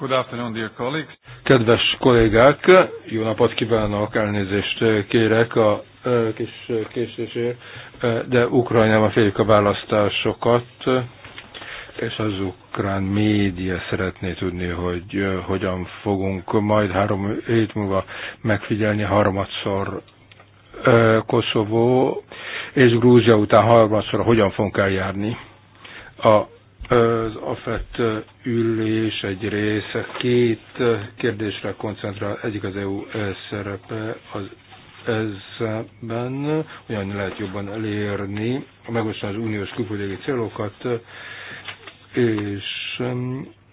Good afternoon, dear colleagues. Kedves kollégák, jó napot kívánok, elnézést kérek a kis késésért, de Ukrajnában félik a választásokat, és az ukrán média szeretné tudni, hogy hogyan fogunk majd három hét múlva megfigyelni harmadszor Koszovó és Grúzia után harmadszor hogyan fogunk eljárni. A az AFET ülés egy része két kérdésre koncentrál. Egyik az EU szerepe az ezben, olyan lehet jobban elérni, a az uniós külföldi célokat, és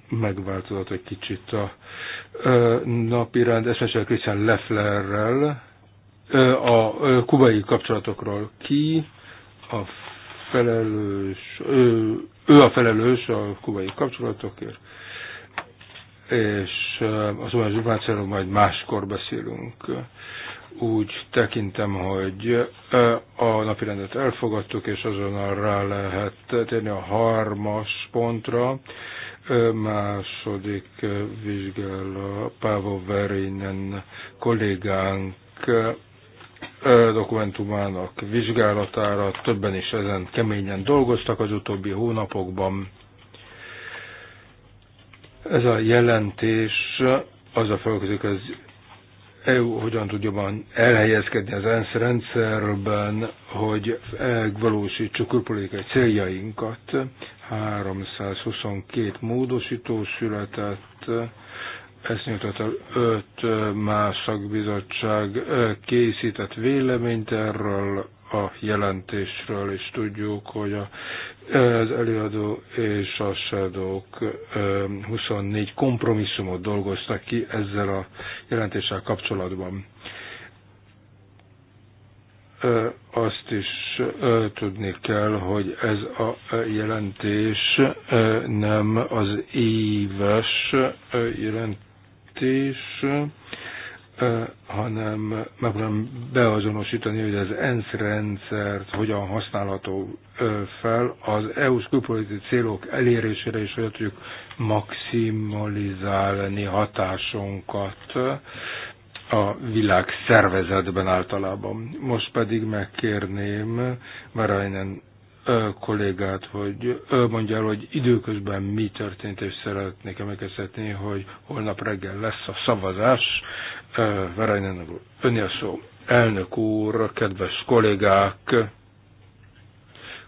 megváltozott egy kicsit a napi rend, esetleg Christian Lefflerrel, a kubai kapcsolatokról ki, a felelős, ő, ő a felelős a kubai kapcsolatokért, és az olyan információról majd máskor beszélünk. Úgy tekintem, hogy a napirendet elfogadtuk, és azonnal rá lehet térni a harmas pontra. Második vizsgál a Pávo Verinen kollégánk dokumentumának vizsgálatára, többen is ezen keményen dolgoztak az utóbbi hónapokban. Ez a jelentés az a e foglalkozik, az EU hogyan tud jobban elhelyezkedni az ENSZ rendszerben, hogy megvalósítsuk külpolitikai céljainkat. 322 módosító született, esznyújtott el öt más szakbizottság készített véleményt erről a jelentésről, és tudjuk, hogy a, az előadó és a shadowk 24 kompromisszumot dolgoztak ki ezzel a jelentéssel kapcsolatban. Azt is tudni kell, hogy ez a jelentés nem az éves jelentés jelentés, hanem megpróbálom beazonosítani, hogy az ENSZ rendszert hogyan használható fel az EU-s külpolitikai célok elérésére, és hogy tudjuk maximalizálni hatásunkat a világ szervezetben általában. Most pedig megkérném Marajnen kollégát, hogy ő mondja el, hogy időközben mi történt, és szeretnék emlékeztetni, hogy holnap reggel lesz a szavazás. Verejnen úr, önnyi a szó. Elnök úr, kedves kollégák,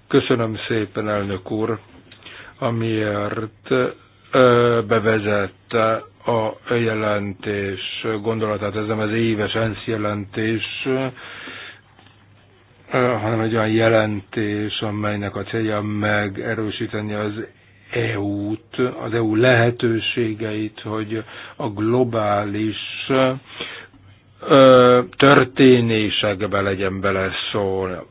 köszönöm szépen, elnök úr, amiért bevezette a jelentés gondolatát, ez nem az éves ENSZ jelentés, hanem egy olyan jelentés, amelynek a célja megerősíteni az EU-t, az EU lehetőségeit, hogy a globális történésekbe legyen bele szól,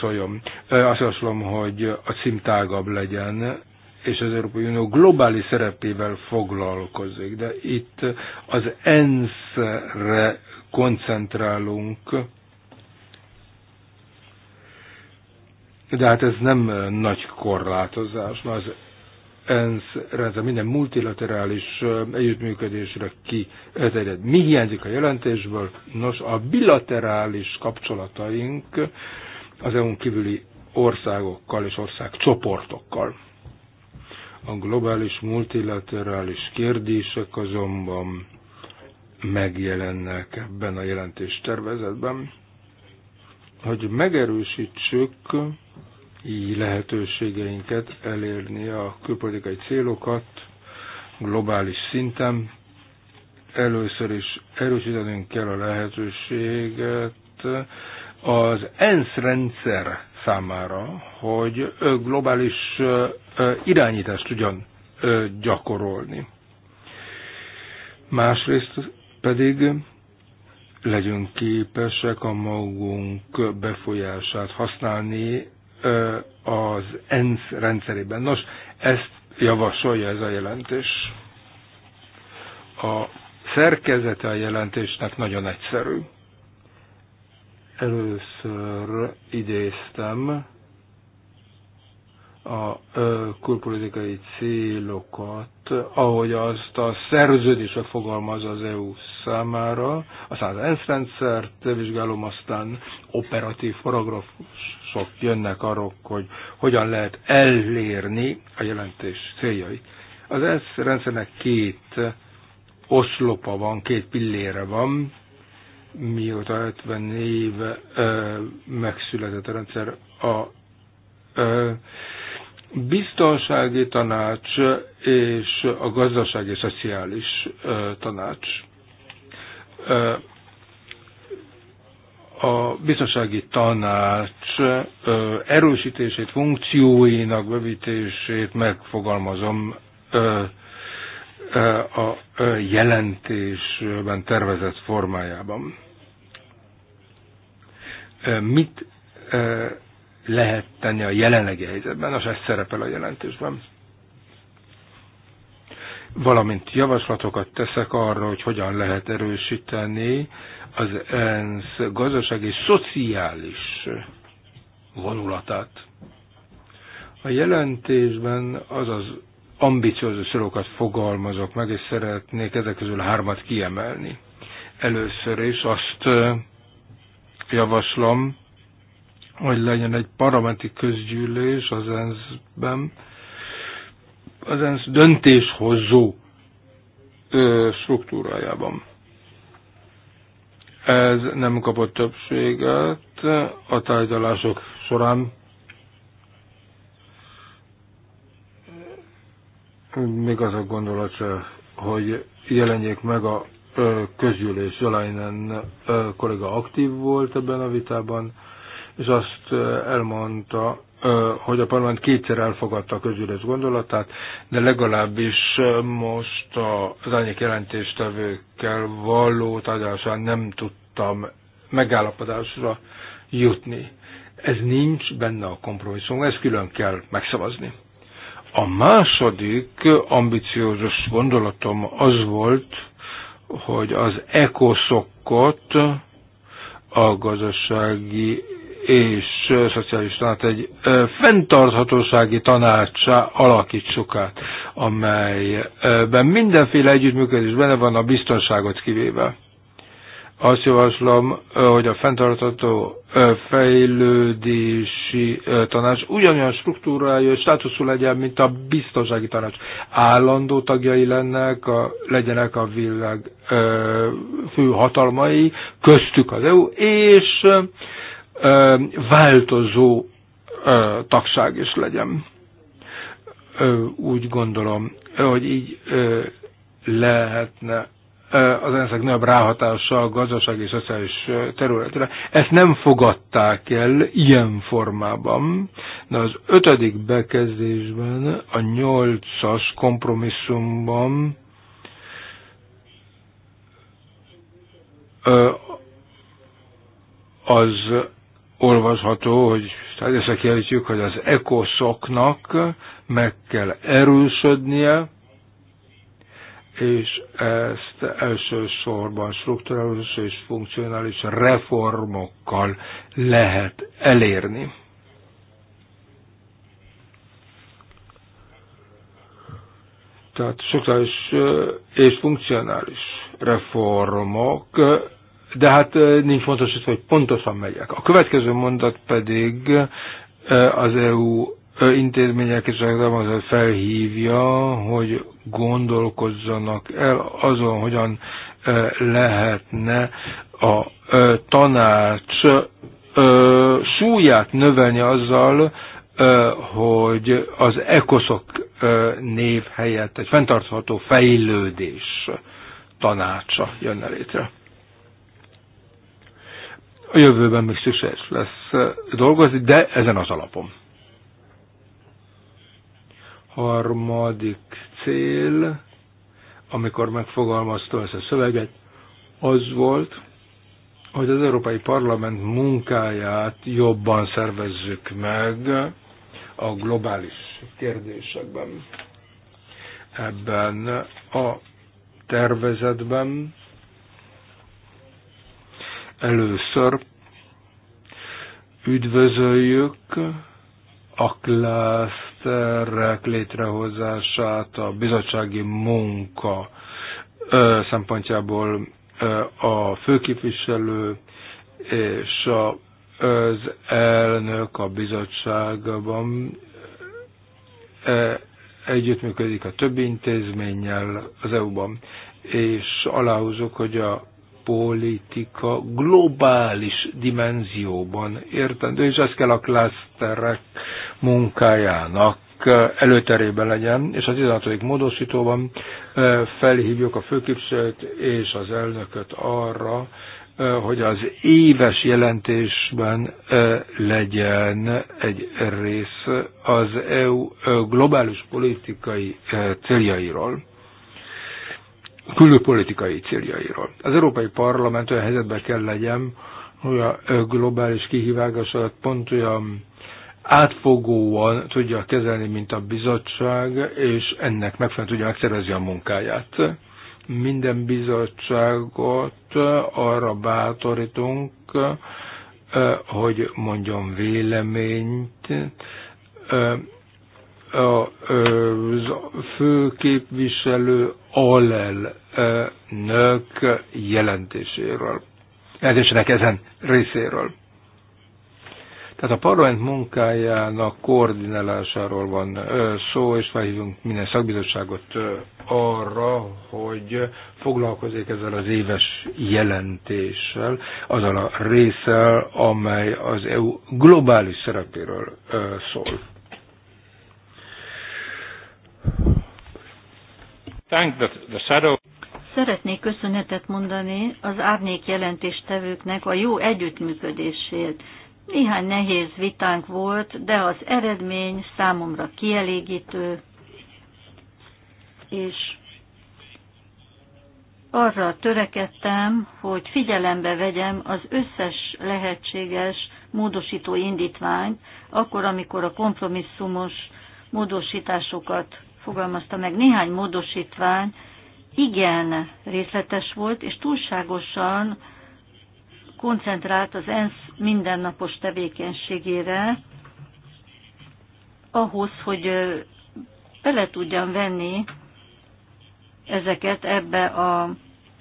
szóljon. Azt javaslom, hogy a cím tágabb legyen, és az Európai Unió globális szerepével foglalkozik, de itt az ENSZ-re koncentrálunk, De hát ez nem nagy korlátozás, mert az ENSZ rendszer minden multilaterális együttműködésre kiterjed. Mi hiányzik a jelentésből? Nos, a bilaterális kapcsolataink az EU-n kívüli országokkal és országcsoportokkal. A globális multilaterális kérdések azonban megjelennek ebben a jelentéstervezetben, hogy megerősítsük lehetőségeinket elérni a külpolitikai célokat globális szinten. Először is erősítenünk kell a lehetőséget az ENSZ rendszer számára, hogy globális irányítást tudjon gyakorolni. Másrészt pedig legyünk képesek a magunk befolyását használni az ENSZ rendszerében. Nos, ezt javasolja ez a jelentés. A szerkezete a jelentésnek nagyon egyszerű. Először idéztem a külpolitikai célokat, ahogy azt a szerződésre fogalmaz az EU számára, aztán az ENSZ rendszert vizsgálom, aztán operatív paragrafusok jönnek arról, hogy hogyan lehet elérni a jelentés céljait. Az ENSZ rendszernek két oszlopa van, két pillére van, mióta 50 éve ö, megszületett a rendszer a ö, biztonsági tanács és a gazdasági szociális tanács a biztonsági tanács erősítését, funkcióinak bevítését megfogalmazom a jelentésben tervezett formájában. Mit lehet tenni a jelenlegi helyzetben, az ez szerepel a jelentésben valamint javaslatokat teszek arra, hogy hogyan lehet erősíteni az ENSZ gazdasági és szociális vonulatát. A jelentésben az az ambiciózus szorokat fogalmazok meg, és szeretnék ezek közül hármat kiemelni. Először is azt javaslom, hogy legyen egy parlamenti közgyűlés az ENSZ-ben, az ENSZ döntéshozó struktúrájában. Ez nem kapott többséget a tárgyalások során. Még az a gondolat, hogy jelenjék meg a közgyűlés. Jolainen kollega aktív volt ebben a vitában, és azt elmondta, hogy a parlament kétszer elfogadta a közülés gondolatát, de legalábbis most az ányék jelentéstevőkkel való tárgyalásán nem tudtam megállapodásra jutni. Ez nincs benne a kompromisszum, ezt külön kell megszavazni. A második ambiciózus gondolatom az volt, hogy az ekoszokkot a gazdasági és szociális tanács egy fenntarthatósági tanácsá alakítsuk át, amelyben mindenféle együttműködés benne van a biztonságot kivéve. Azt javaslom, hogy a fenntartható fejlődési tanács ugyanolyan struktúrája és státuszú legyen, mint a biztonsági tanács. Állandó tagjai lennek, a, legyenek a világ fő hatalmai, köztük az EU, és változó tagság is legyen. Úgy gondolom, hogy így lehetne az ennek nagyobb ráhatással a gazdasági és szociális területre. Ezt nem fogadták el ilyen formában, de az ötödik bekezdésben, a nyolcas kompromisszumban az olvasható, hogy ezzel kijelentjük, hogy az ekoszoknak meg kell erősödnie, és ezt elsősorban strukturális és funkcionális reformokkal lehet elérni. Tehát strukturális és funkcionális reformok de hát nincs fontos, hogy pontosan megyek. A következő mondat pedig az EU intézmények és az felhívja, hogy gondolkozzanak el azon, hogyan lehetne a tanács súlyát növelni azzal, hogy az ekoszok név helyett egy fenntartható fejlődés tanácsa jönne létre. A jövőben még szükséges lesz dolgozni, de ezen az alapon. Harmadik cél, amikor megfogalmaztam ezt a szöveget, az volt, hogy az Európai Parlament munkáját jobban szervezzük meg a globális kérdésekben. Ebben a tervezetben Először üdvözöljük a klaszterek létrehozását, a bizottsági munka szempontjából a főképviselő és a, az elnök a bizottságban együttműködik a többi intézménnyel az EU-ban, és aláhúzok, hogy a politika globális dimenzióban értendő, és ez kell a klaszterek munkájának eh, előterében legyen, és a 16. módosítóban eh, felhívjuk a főképviselőt és az elnököt arra, eh, hogy az éves jelentésben legyen egy rész az EU globális politikai céljairól külpolitikai céljairól. Az Európai Parlament olyan helyzetben kell legyen, hogy a globális kihívásokat pont olyan átfogóan tudja kezelni, mint a bizottság, és ennek megfelelően tudja megszervezni a munkáját. Minden bizottságot arra bátorítunk, hogy mondjon véleményt, a főképviselő alelnök jelentéséről, jelentésének ezen részéről. Tehát a parlament munkájának koordinálásáról van szó, és felhívunk minden szakbizottságot arra, hogy foglalkozik ezzel az éves jelentéssel, azzal a részsel, amely az EU globális szerepéről szól. Szeretnék köszönetet mondani az árnyék jelentéstevőknek a jó együttműködésért. Néhány nehéz vitánk volt, de az eredmény számomra kielégítő, és arra törekedtem, hogy figyelembe vegyem az összes lehetséges módosító indítványt, akkor, amikor a kompromisszumos módosításokat fogalmazta meg néhány módosítvány, igen részletes volt, és túlságosan koncentrált az ENSZ mindennapos tevékenységére, ahhoz, hogy bele tudjam venni ezeket ebbe a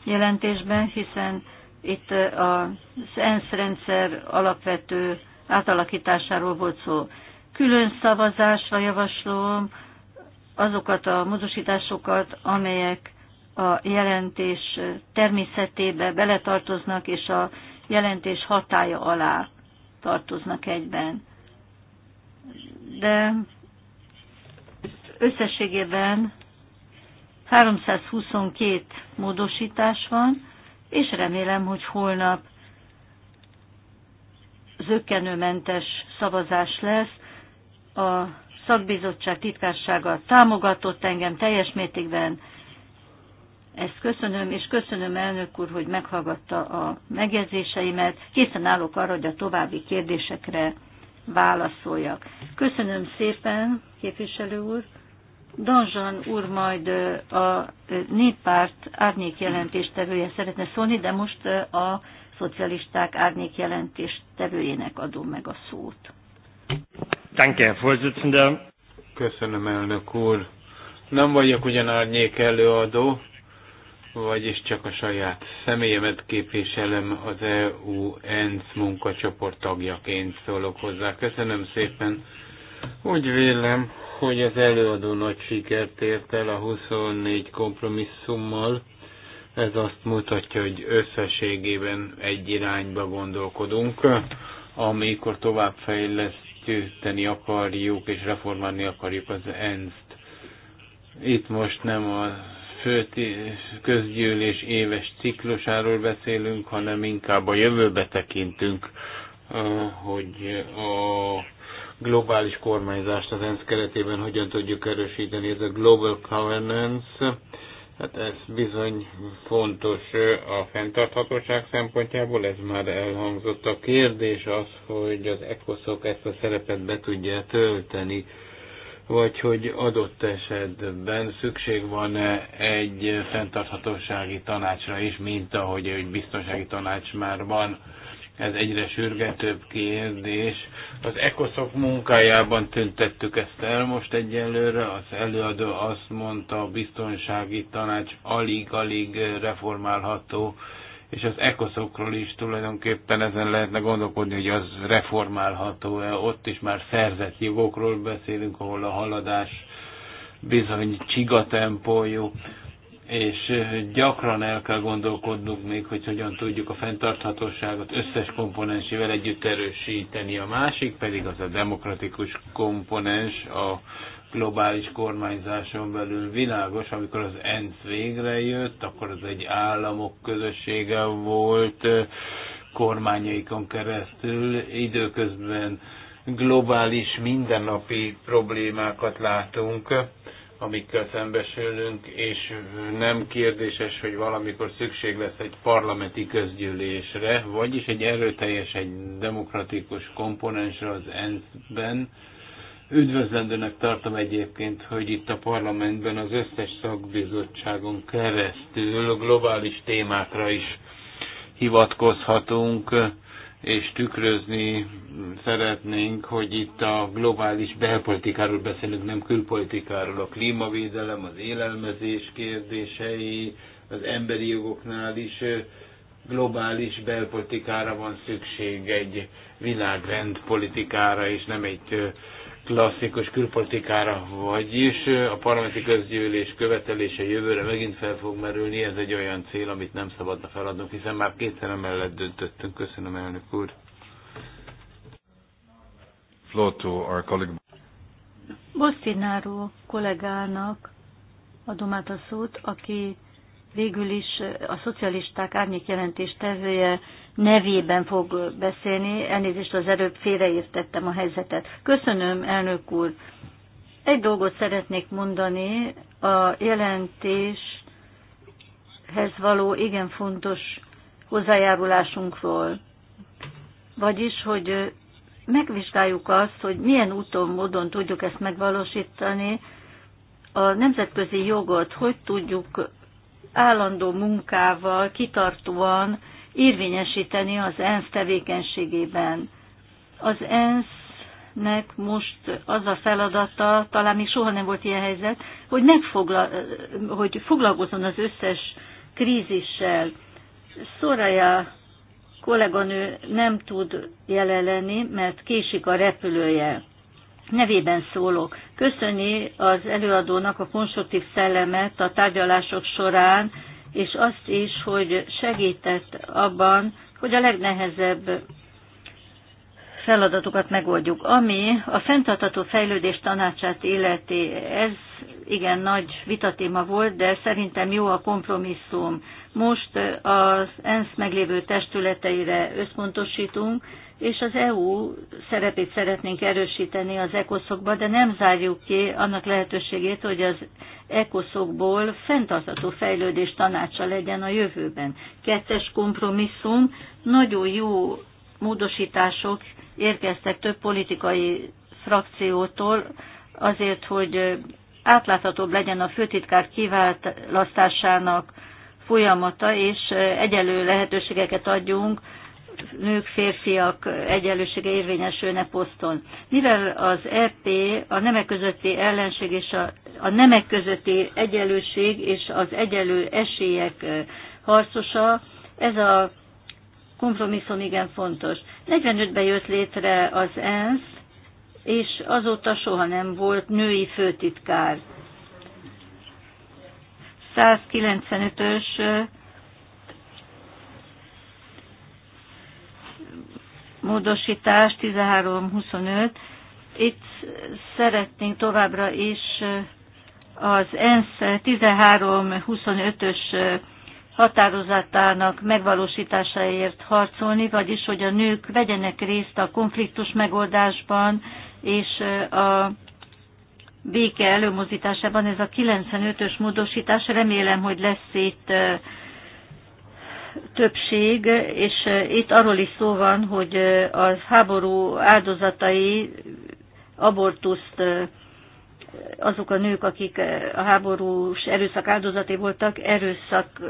jelentésben, hiszen itt az ENSZ rendszer alapvető átalakításáról volt szó. Külön szavazásra javaslom azokat a módosításokat, amelyek a jelentés természetébe beletartoznak, és a jelentés hatája alá tartoznak egyben. De összességében 322 módosítás van, és remélem, hogy holnap zöggenőmentes szavazás lesz a szakbizottság titkársága támogatott engem teljes mértékben. Ezt köszönöm, és köszönöm elnök úr, hogy meghallgatta a megjegyzéseimet. Készen állok arra, hogy a további kérdésekre válaszoljak. Köszönöm szépen, képviselő úr. Danzsan úr majd a néppárt árnyék jelentéstevője szeretne szólni, de most a szocialisták árnyék jelentéstevőjének adom meg a szót. Danke, Vorsitzender. Köszönöm, elnök úr. Nem vagyok ugyan árnyék előadó, vagyis csak a saját személyemet képviselem az EU-ENSZ munkacsoport tagjaként szólok hozzá. Köszönöm szépen. Úgy vélem, hogy az előadó nagy sikert ért el a 24 kompromisszummal. Ez azt mutatja, hogy összességében egy irányba gondolkodunk, amikor továbbfejlesz gyűjteni akarjuk és reformálni akarjuk az ENSZ-t. Itt most nem a fő közgyűlés éves ciklusáról beszélünk, hanem inkább a jövőbe tekintünk, hogy a globális kormányzást az ENSZ keretében hogyan tudjuk erősíteni. Ez a Global Governance Hát ez bizony fontos a fenntarthatóság szempontjából, ez már elhangzott. A kérdés az, hogy az ECOSZOK ezt a szerepet be tudja tölteni, vagy hogy adott esetben szükség van egy fenntarthatósági tanácsra is, mint ahogy egy biztonsági tanács már van ez egyre sürgetőbb kérdés. Az ECOSZOK munkájában tüntettük ezt el most egyelőre. Az előadó azt mondta, a biztonsági tanács alig-alig reformálható, és az ECOSZOKról is tulajdonképpen ezen lehetne gondolkodni, hogy az reformálható-e. Ott is már szerzett jogokról beszélünk, ahol a haladás bizony csiga tempójú és gyakran el kell gondolkodnunk még, hogy hogyan tudjuk a fenntarthatóságot összes komponensével együtt erősíteni. A másik pedig az a demokratikus komponens a globális kormányzáson belül világos, amikor az ENSZ végre jött, akkor az egy államok közössége volt kormányaikon keresztül, időközben globális mindennapi problémákat látunk amikkel szembesülünk, és nem kérdéses, hogy valamikor szükség lesz egy parlamenti közgyűlésre, vagyis egy erőteljes, egy demokratikus komponensre az ENSZ-ben. Üdvözlendőnek tartom egyébként, hogy itt a parlamentben az összes szakbizottságon keresztül globális témákra is hivatkozhatunk és tükrözni szeretnénk, hogy itt a globális belpolitikáról beszélünk, nem külpolitikáról. A klímavédelem, az élelmezés kérdései, az emberi jogoknál is globális belpolitikára van szükség, egy világrend politikára, és nem egy klasszikus külpolitikára, vagyis a parlamenti közgyűlés követelése jövőre megint fel fog merülni, ez egy olyan cél, amit nem szabadna feladnunk, hiszen már kétszer emellett döntöttünk. Köszönöm, elnök úr. our colleague. Bosszináró kollégának adom át a szót, aki végül is a szocialisták árnyék jelentés tevője nevében fog beszélni. Elnézést az előbb félreértettem a helyzetet. Köszönöm, elnök úr. Egy dolgot szeretnék mondani, a jelentéshez való igen fontos hozzájárulásunkról. Vagyis, hogy megvizsgáljuk azt, hogy milyen úton, módon tudjuk ezt megvalósítani, a nemzetközi jogot hogy tudjuk állandó munkával, kitartóan érvényesíteni az ENSZ tevékenységében. Az ENSZ-nek most az a feladata, talán még soha nem volt ilyen helyzet, hogy, megfogla, hogy foglalkozzon az összes krízissel. Szoraja kolléganő nem tud jelen lenni, mert késik a repülője. Nevében szólok. Köszöni az előadónak a konstruktív szellemet a tárgyalások során, és azt is, hogy segített abban, hogy a legnehezebb feladatokat megoldjuk. Ami a fenntartató fejlődés tanácsát illeti, ez igen nagy vitatéma volt, de szerintem jó a kompromisszum. Most az ENSZ meglévő testületeire összpontosítunk, és az EU szerepét szeretnénk erősíteni az ECOSZokba, de nem zárjuk ki annak lehetőségét, hogy az ECOSZokból fenntartható fejlődés tanácsa legyen a jövőben. Kettes kompromisszum, nagyon jó módosítások érkeztek több politikai frakciótól azért, hogy átláthatóbb legyen a főtitkár kiválasztásának folyamata, és egyelő lehetőségeket adjunk nők, férfiak egyenlősége érvényesülne poszton. Mivel az EP a nemek közötti ellenség és a, a nemek közötti egyenlőség és az egyenlő esélyek harcosa, ez a kompromisszum igen fontos. 45-ben jött létre az ENSZ, és azóta soha nem volt női főtitkár. 195-ös módosítás 1325. Itt szeretnénk továbbra is az ENSZ 1325-ös határozatának megvalósításáért harcolni, vagyis hogy a nők vegyenek részt a konfliktus megoldásban és a béke előmozdításában. Ez a 95-ös módosítás, remélem, hogy lesz itt többség, és eh, itt arról is szó van, hogy eh, a háború áldozatai abortuszt eh, azok a nők, akik a háborús erőszak áldozati voltak, erőszak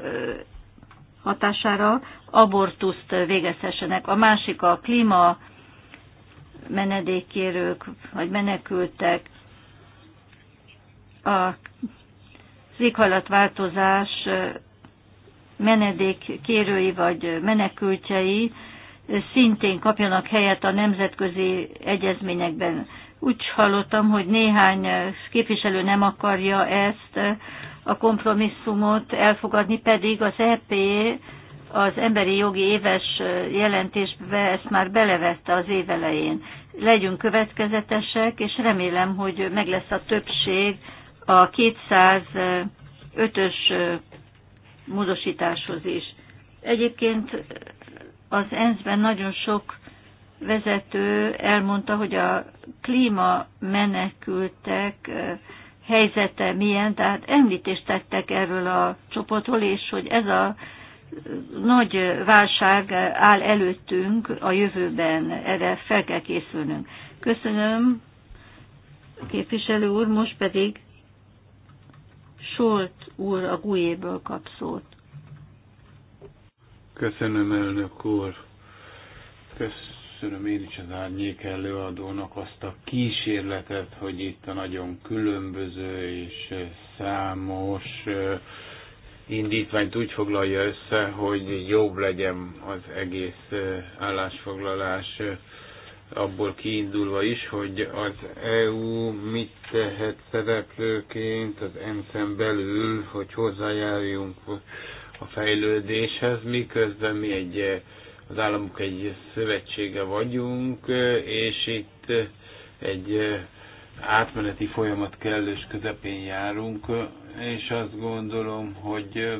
hatására abortuszt végezhessenek. A másik a klíma menedékkérők, vagy menekültek. A az változás menedék kérői vagy menekültjei szintén kapjanak helyet a nemzetközi egyezményekben. Úgy hallottam, hogy néhány képviselő nem akarja ezt a kompromisszumot elfogadni, pedig az EP az emberi jogi éves jelentésbe ezt már belevette az évelején. Legyünk következetesek, és remélem, hogy meg lesz a többség a 205-ös módosításhoz is. Egyébként az ENSZ-ben nagyon sok vezető elmondta, hogy a klíma menekültek helyzete milyen, tehát említést tettek erről a csoportról, és hogy ez a nagy válság áll előttünk a jövőben, erre fel kell készülnünk. Köszönöm, képviselő úr, most pedig Solt úr a GUE-ből kap szót. Köszönöm, elnök úr. Köszönöm én is az árnyék előadónak azt a kísérletet, hogy itt a nagyon különböző és számos indítványt úgy foglalja össze, hogy jobb legyen az egész állásfoglalás abból kiindulva is, hogy az EU mit tehet szereplőként az ENSZ-en belül, hogy hozzájárjunk a fejlődéshez, miközben mi egy, az államok egy szövetsége vagyunk, és itt egy átmeneti folyamat kellős közepén járunk, és azt gondolom, hogy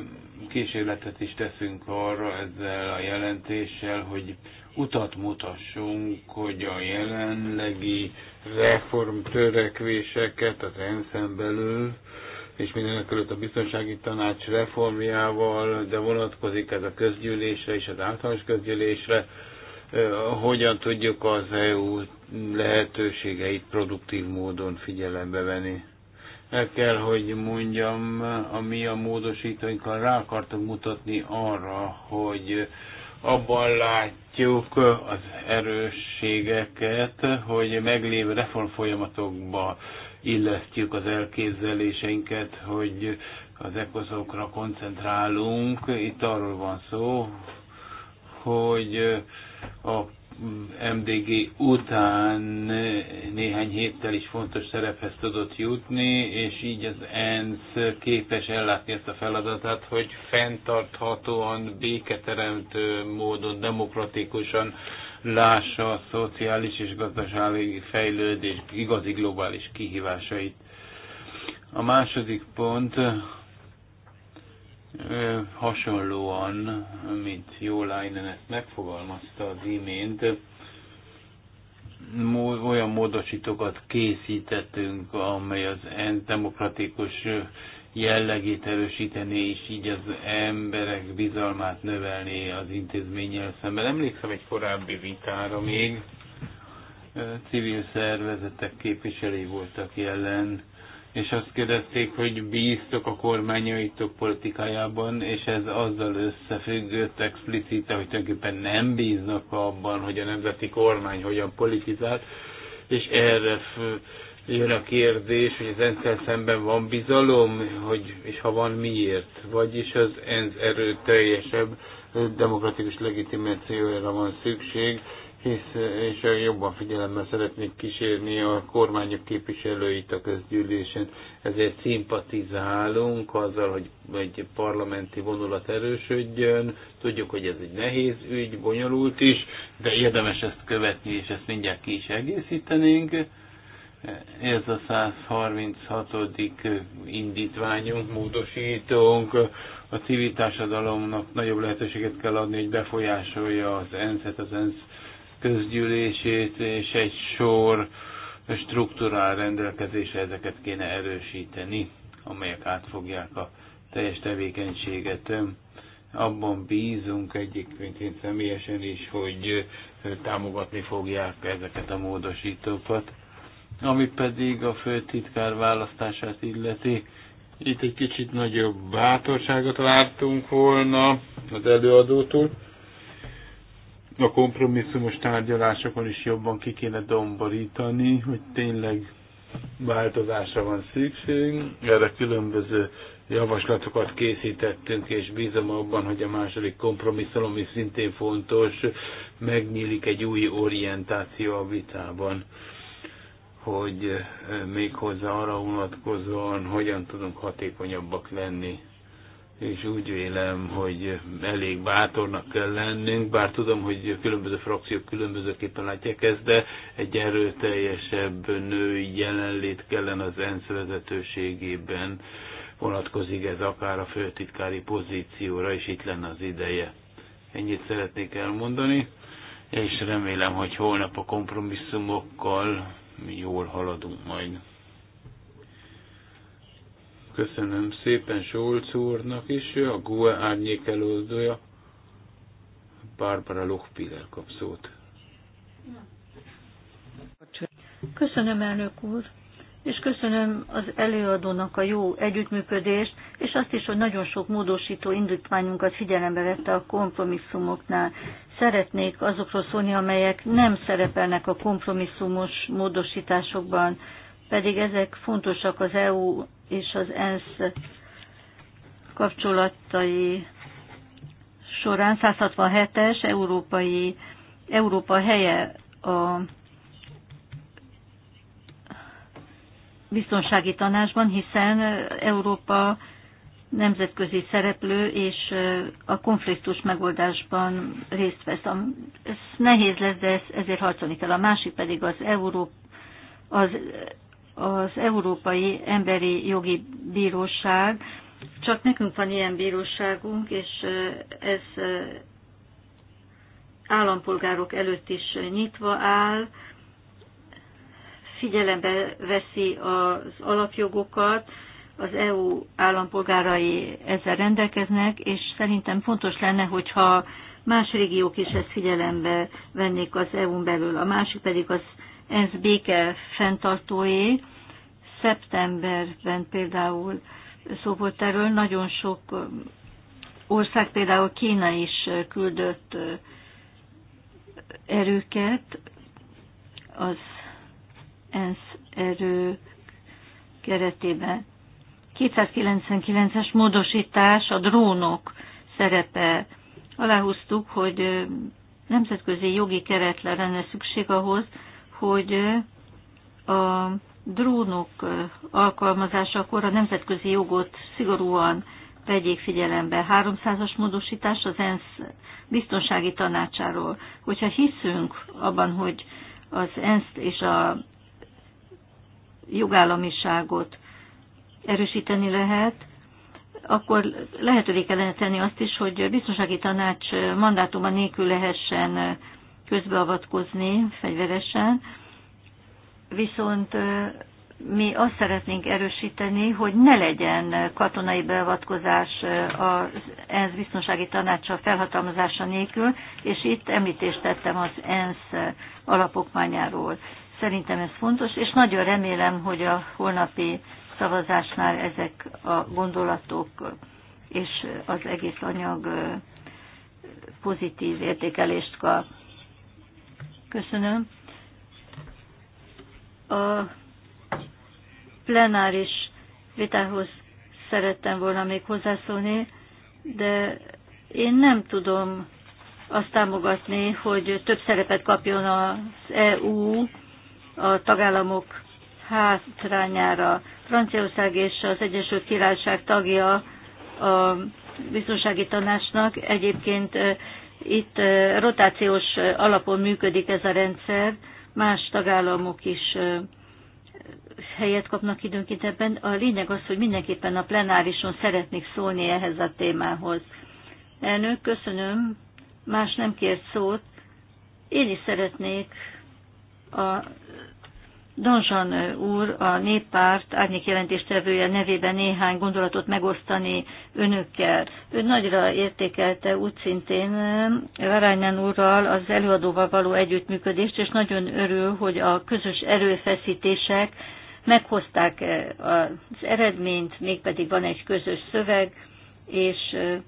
kísérletet is teszünk arra ezzel a jelentéssel, hogy utat mutassunk, hogy a jelenlegi törekvéseket az ENSZ-en belül, és mindenek előtt a biztonsági tanács reformjával, de vonatkozik ez a közgyűlésre és az általános közgyűlésre, hogyan tudjuk az EU lehetőségeit produktív módon figyelembe venni. El kell, hogy mondjam, a mi a módosítóinkkal rá akartunk mutatni arra, hogy abban lát, látjuk az erősségeket, hogy meglévő reformfolyamatokba illesztjük az elképzeléseinket, hogy az ekozókra koncentrálunk. Itt arról van szó, hogy a MDG után néhány héttel is fontos szerephez tudott jutni, és így az ENSZ képes ellátni ezt a feladatát, hogy fenntarthatóan, béketeremtő módon, demokratikusan lássa a szociális és gazdasági fejlődés igazi globális kihívásait. A második pont hasonlóan, mint Leinen ezt megfogalmazta az imént, olyan módosítókat készítettünk, amely az demokratikus jellegét erősíteni, és így az emberek bizalmát növelni az intézménnyel szemben. Emlékszem egy korábbi vitára még, civil szervezetek képviselői voltak jelen, és azt kérdezték, hogy bíztok a kormányaitok politikájában, és ez azzal összefüggött explicite, hogy tulajdonképpen nem bíznak abban, hogy a nemzeti kormány hogyan politizál, és erre jön a kérdés, hogy az ensz szemben van bizalom, hogy, és ha van, miért? Vagyis az ENSZ erőteljesebb demokratikus legitimációra van szükség, hisz, és jobban figyelemmel szeretnék kísérni a kormányok képviselőit a közgyűlésen, ezért szimpatizálunk azzal, hogy egy parlamenti vonulat erősödjön. Tudjuk, hogy ez egy nehéz ügy, bonyolult is, de érdemes ezt követni, és ezt mindjárt ki is egészítenénk. Ez a 136. indítványunk, módosítónk, a civil társadalomnak nagyobb lehetőséget kell adni, hogy befolyásolja az ENSZ-et, az ENSZ közgyűlését, és egy sor struktúrál rendelkezésre ezeket kéne erősíteni, amelyek átfogják a teljes tevékenységet. Abban bízunk egyébként én személyesen is, hogy támogatni fogják ezeket a módosítókat. Ami pedig a főtitkár választását illeti, itt egy kicsit nagyobb bátorságot vártunk volna az előadótól a kompromisszumos tárgyalásokon is jobban ki kéne domborítani, hogy tényleg változásra van szükség. Erre különböző javaslatokat készítettünk, és bízom abban, hogy a második kompromisszum, ami szintén fontos, megnyílik egy új orientáció a vitában, hogy eh, méghozzá arra vonatkozóan, hogyan tudunk hatékonyabbak lenni és úgy vélem, hogy elég bátornak kell lennünk, bár tudom, hogy különböző frakciók különbözőképpen látják ezt, de egy erőteljesebb női jelenlét kellene az ENSZ vezetőségében, vonatkozik ez akár a főtitkári pozícióra, és itt lenne az ideje. Ennyit szeretnék elmondani, és remélem, hogy holnap a kompromisszumokkal jól haladunk majd. Köszönöm szépen Solc úrnak is, a GUE árnyék előadója. Barbara Lochpiller kap szót. Köszönöm, elnök úr, és köszönöm az előadónak a jó együttműködést, és azt is, hogy nagyon sok módosító indítványunkat figyelembe vette a kompromisszumoknál. Szeretnék azokról szólni, amelyek nem szerepelnek a kompromisszumos módosításokban, pedig ezek fontosak az EU és az ENSZ kapcsolatai során 167-es európai, Európa helye a biztonsági tanácsban, hiszen Európa nemzetközi szereplő és a konfliktus megoldásban részt vesz. Ez nehéz lesz, de ezért harcolni kell. A másik pedig az Európa az az Európai Emberi Jogi Bíróság, csak nekünk van ilyen bíróságunk, és ez állampolgárok előtt is nyitva áll, figyelembe veszi az alapjogokat, az EU állampolgárai ezzel rendelkeznek, és szerintem fontos lenne, hogyha más régiók is ezt figyelembe vennék az EU-n belül. A másik pedig az ENSZ béke fenntartói. Szeptemberben például szó volt erről, nagyon sok ország, például Kína is küldött erőket, az ENSZ erő keretében. 299-es módosítás, a drónok szerepe. Aláhúztuk, hogy nemzetközi jogi keretre lenne szükség ahhoz, hogy a drónok alkalmazásakor a nemzetközi jogot szigorúan vegyék figyelembe. 300-as módosítás az ENSZ biztonsági tanácsáról. Hogyha hiszünk abban, hogy az ENSZ és a jogállamiságot erősíteni lehet, akkor lehetővé kellene tenni azt is, hogy biztonsági tanács mandátuma nélkül lehessen közbeavatkozni fegyveresen, viszont mi azt szeretnénk erősíteni, hogy ne legyen katonai beavatkozás az ENSZ biztonsági tanácsa felhatalmazása nélkül, és itt említést tettem az ENSZ alapokmányáról. Szerintem ez fontos, és nagyon remélem, hogy a holnapi szavazásnál ezek a gondolatok és az egész anyag pozitív értékelést kap. Köszönöm. A plenáris vitához szerettem volna még hozzászólni, de én nem tudom azt támogatni, hogy több szerepet kapjon az EU a tagállamok hátrányára. Franciaország és az Egyesült Királyság tagja a biztonsági tanácsnak. Egyébként itt rotációs alapon működik ez a rendszer, más tagállamok is helyet kapnak időnként ebben. A lényeg az, hogy mindenképpen a plenárison szeretnék szólni ehhez a témához. Elnök, köszönöm, más nem kért szót. Én is szeretnék a Donzsan úr, a néppárt árnyék jelentéstevője nevében néhány gondolatot megosztani önökkel. Ő nagyra értékelte úgy szintén Varányan úrral az előadóval való együttműködést, és nagyon örül, hogy a közös erőfeszítések meghozták eh, az eredményt, mégpedig van egy közös szöveg, és eh,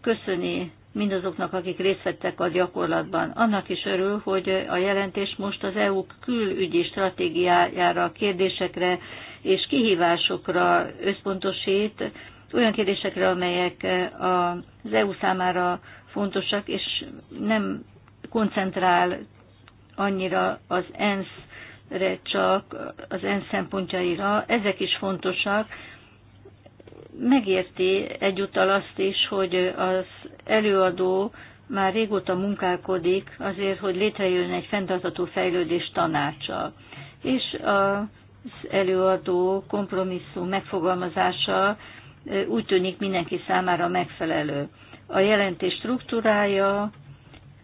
köszöni mindazoknak, akik részt vettek a gyakorlatban. Annak is örül, hogy a jelentés most az EU külügyi stratégiájára, kérdésekre és kihívásokra összpontosít, olyan kérdésekre, amelyek az EU számára fontosak, és nem koncentrál annyira az ENSZ re csak az ENSZ szempontjaira, ezek is fontosak, megérti egyúttal azt is, hogy az előadó már régóta munkálkodik azért, hogy létrejön egy fenntartató fejlődés tanácsa. És az előadó kompromisszum megfogalmazása úgy tűnik mindenki számára megfelelő. A jelentés struktúrája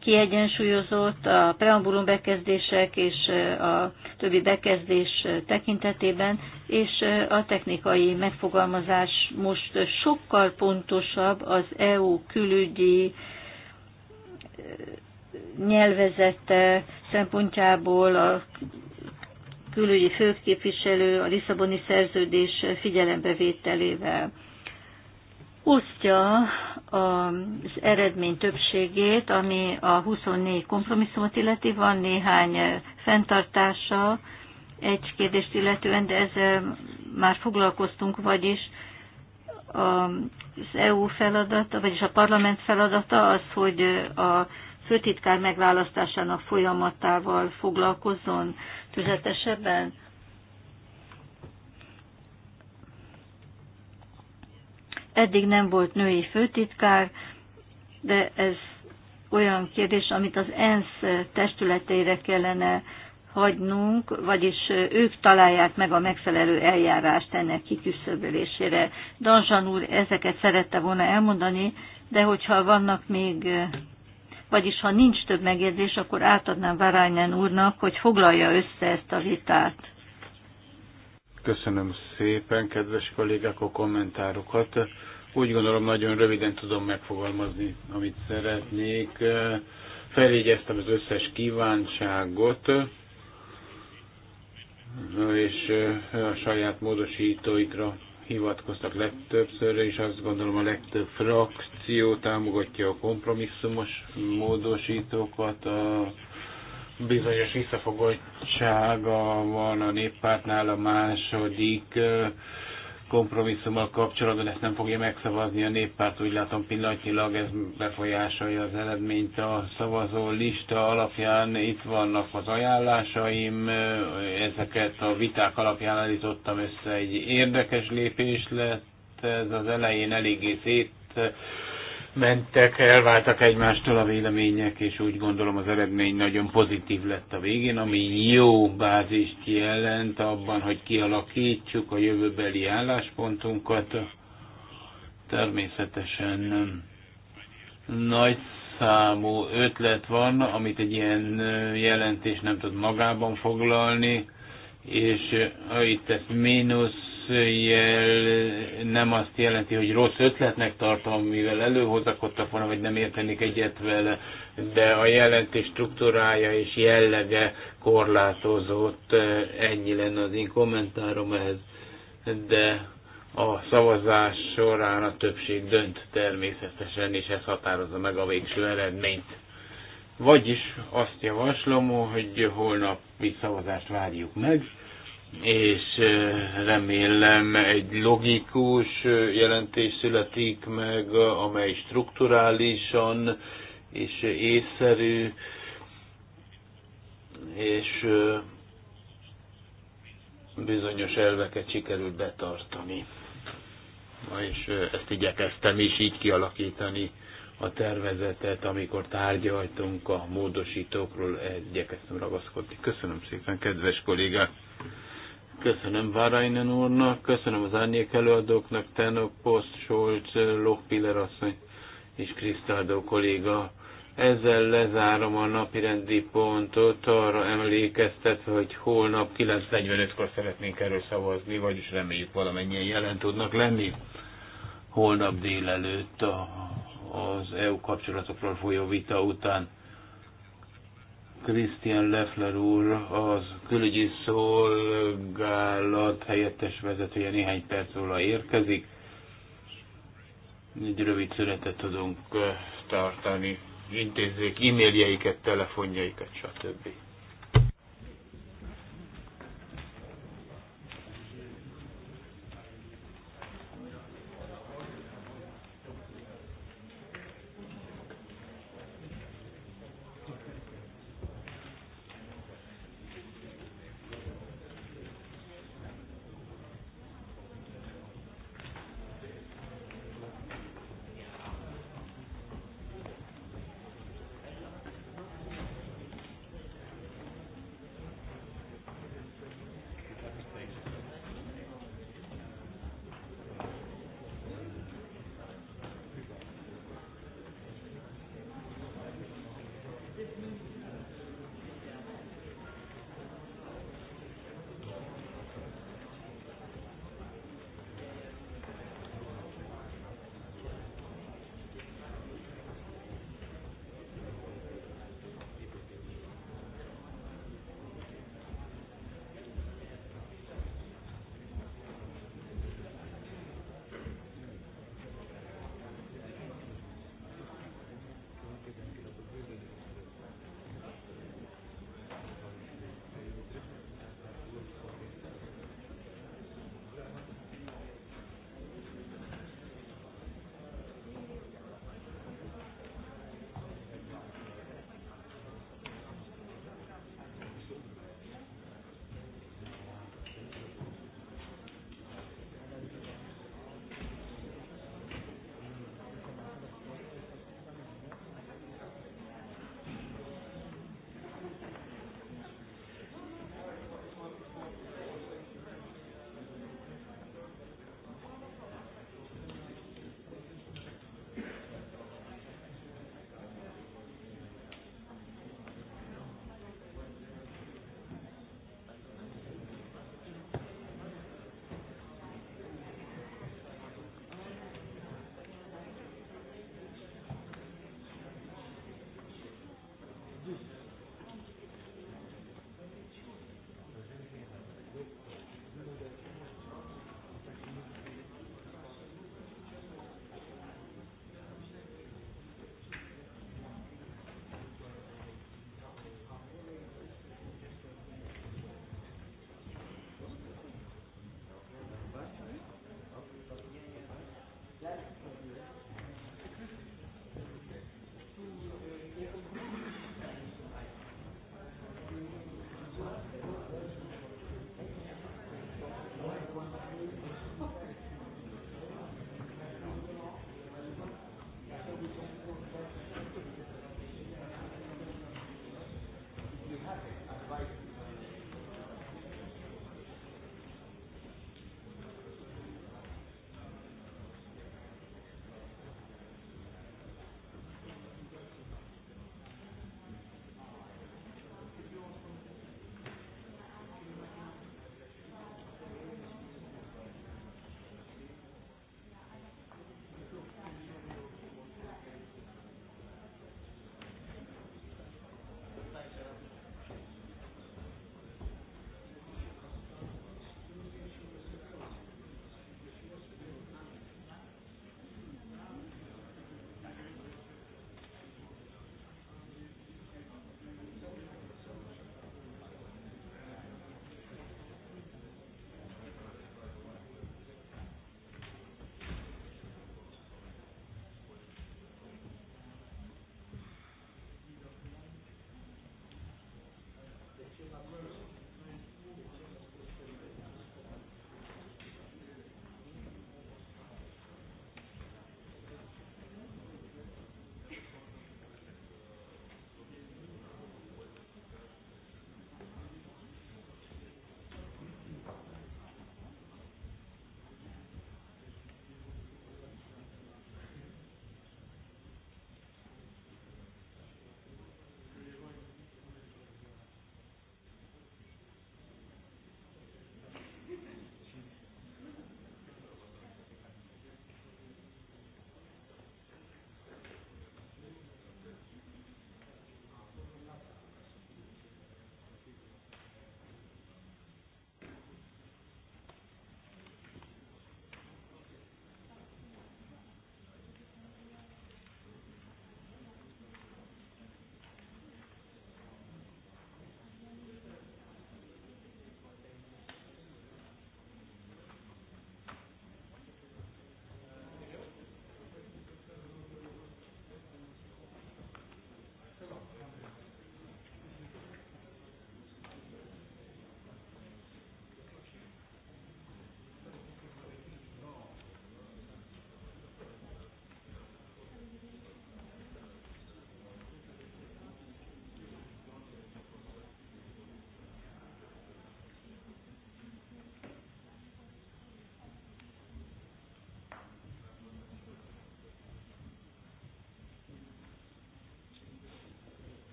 kiegyensúlyozott a preambulum bekezdések és a többi bekezdés tekintetében, és a technikai megfogalmazás most sokkal pontosabb az EU külügyi eh, nyelvezete szempontjából a külügyi főképviselő a Lisszaboni szerződés figyelembevételével osztja az eredmény többségét, ami a 24 kompromisszumot illeti, van néhány eh, fenntartása egy kérdést illetően, de ezzel már foglalkoztunk, vagyis az EU feladata, vagyis a parlament feladata az, hogy eh, a főtitkár megválasztásának folyamatával foglalkozzon tüzetesebben. Eddig nem volt női főtitkár, de ez olyan kérdés, amit az ENSZ testületeire kellene hagynunk, vagyis ők találják meg a megfelelő eljárást ennek kiküszöbölésére. Danzsan úr ezeket szerette volna elmondani, de hogyha vannak még, vagyis ha nincs több megjegyzés, akkor átadnám Varányen úrnak, hogy foglalja össze ezt a vitát. Köszönöm szépen, kedves kollégák, a kommentárokat. Úgy gondolom, nagyon röviden tudom megfogalmazni, amit szeretnék. Feljegyeztem az összes kívánságot, és a saját módosítóikra hivatkoztak legtöbbször, és azt gondolom a legtöbb frakció támogatja a kompromisszumos módosítókat, a bizonyos visszafogottsága van a néppártnál a második kompromisszummal kapcsolatban, ezt nem fogja megszavazni a néppárt, úgy látom pillanatnyilag ez befolyásolja az eredményt a szavazó lista alapján. Itt vannak az ajánlásaim, ezeket a viták alapján állítottam össze, egy érdekes lépés lett ez az elején eléggé szét mentek, elváltak egymástól a vélemények, és úgy gondolom az eredmény nagyon pozitív lett a végén, ami jó bázist jelent abban, hogy kialakítsuk a jövőbeli álláspontunkat. Természetesen nagy számú ötlet van, amit egy ilyen jelentés nem tud magában foglalni, és itt ezt mínusz jel nem azt jelenti, hogy rossz ötletnek tartom, mivel előhozakodtak volna, vagy nem értenik egyet vele, de a jelentés struktúrája és jellege korlátozott. Ennyi lenne az én kommentárom ehhez, de a szavazás során a többség dönt természetesen, és ez határozza meg a végső eredményt. Vagyis azt javaslom, hogy mi szavazást várjuk meg, és remélem egy logikus jelentés születik meg, amely strukturálisan és észszerű, és bizonyos elveket sikerült betartani. Na és ezt igyekeztem is így kialakítani a tervezetet, amikor tárgyaltunk a módosítókról, ezt eh, igyekeztem ragaszkodni. Köszönöm szépen, kedves kollégák! Köszönöm Várainen úrnak, köszönöm az árnyék előadóknak, Tenok, Post, Scholz, Lochpiller asszony és Krisztáldó kolléga. Ezzel lezárom a napi rendi pontot, arra emlékeztet, hogy holnap 9.45-kor szeretnénk erről szavazni, vagyis reméljük valamennyien jelen tudnak lenni. Holnap délelőtt a, az EU kapcsolatokról folyó vita után. Christian Leffler úr, az külügyi szolgálat helyettes vezetője néhány perc óra érkezik. Egy rövid szünetet tudunk eh, tartani. Intézzék e-mailjeiket, telefonjaikat, stb.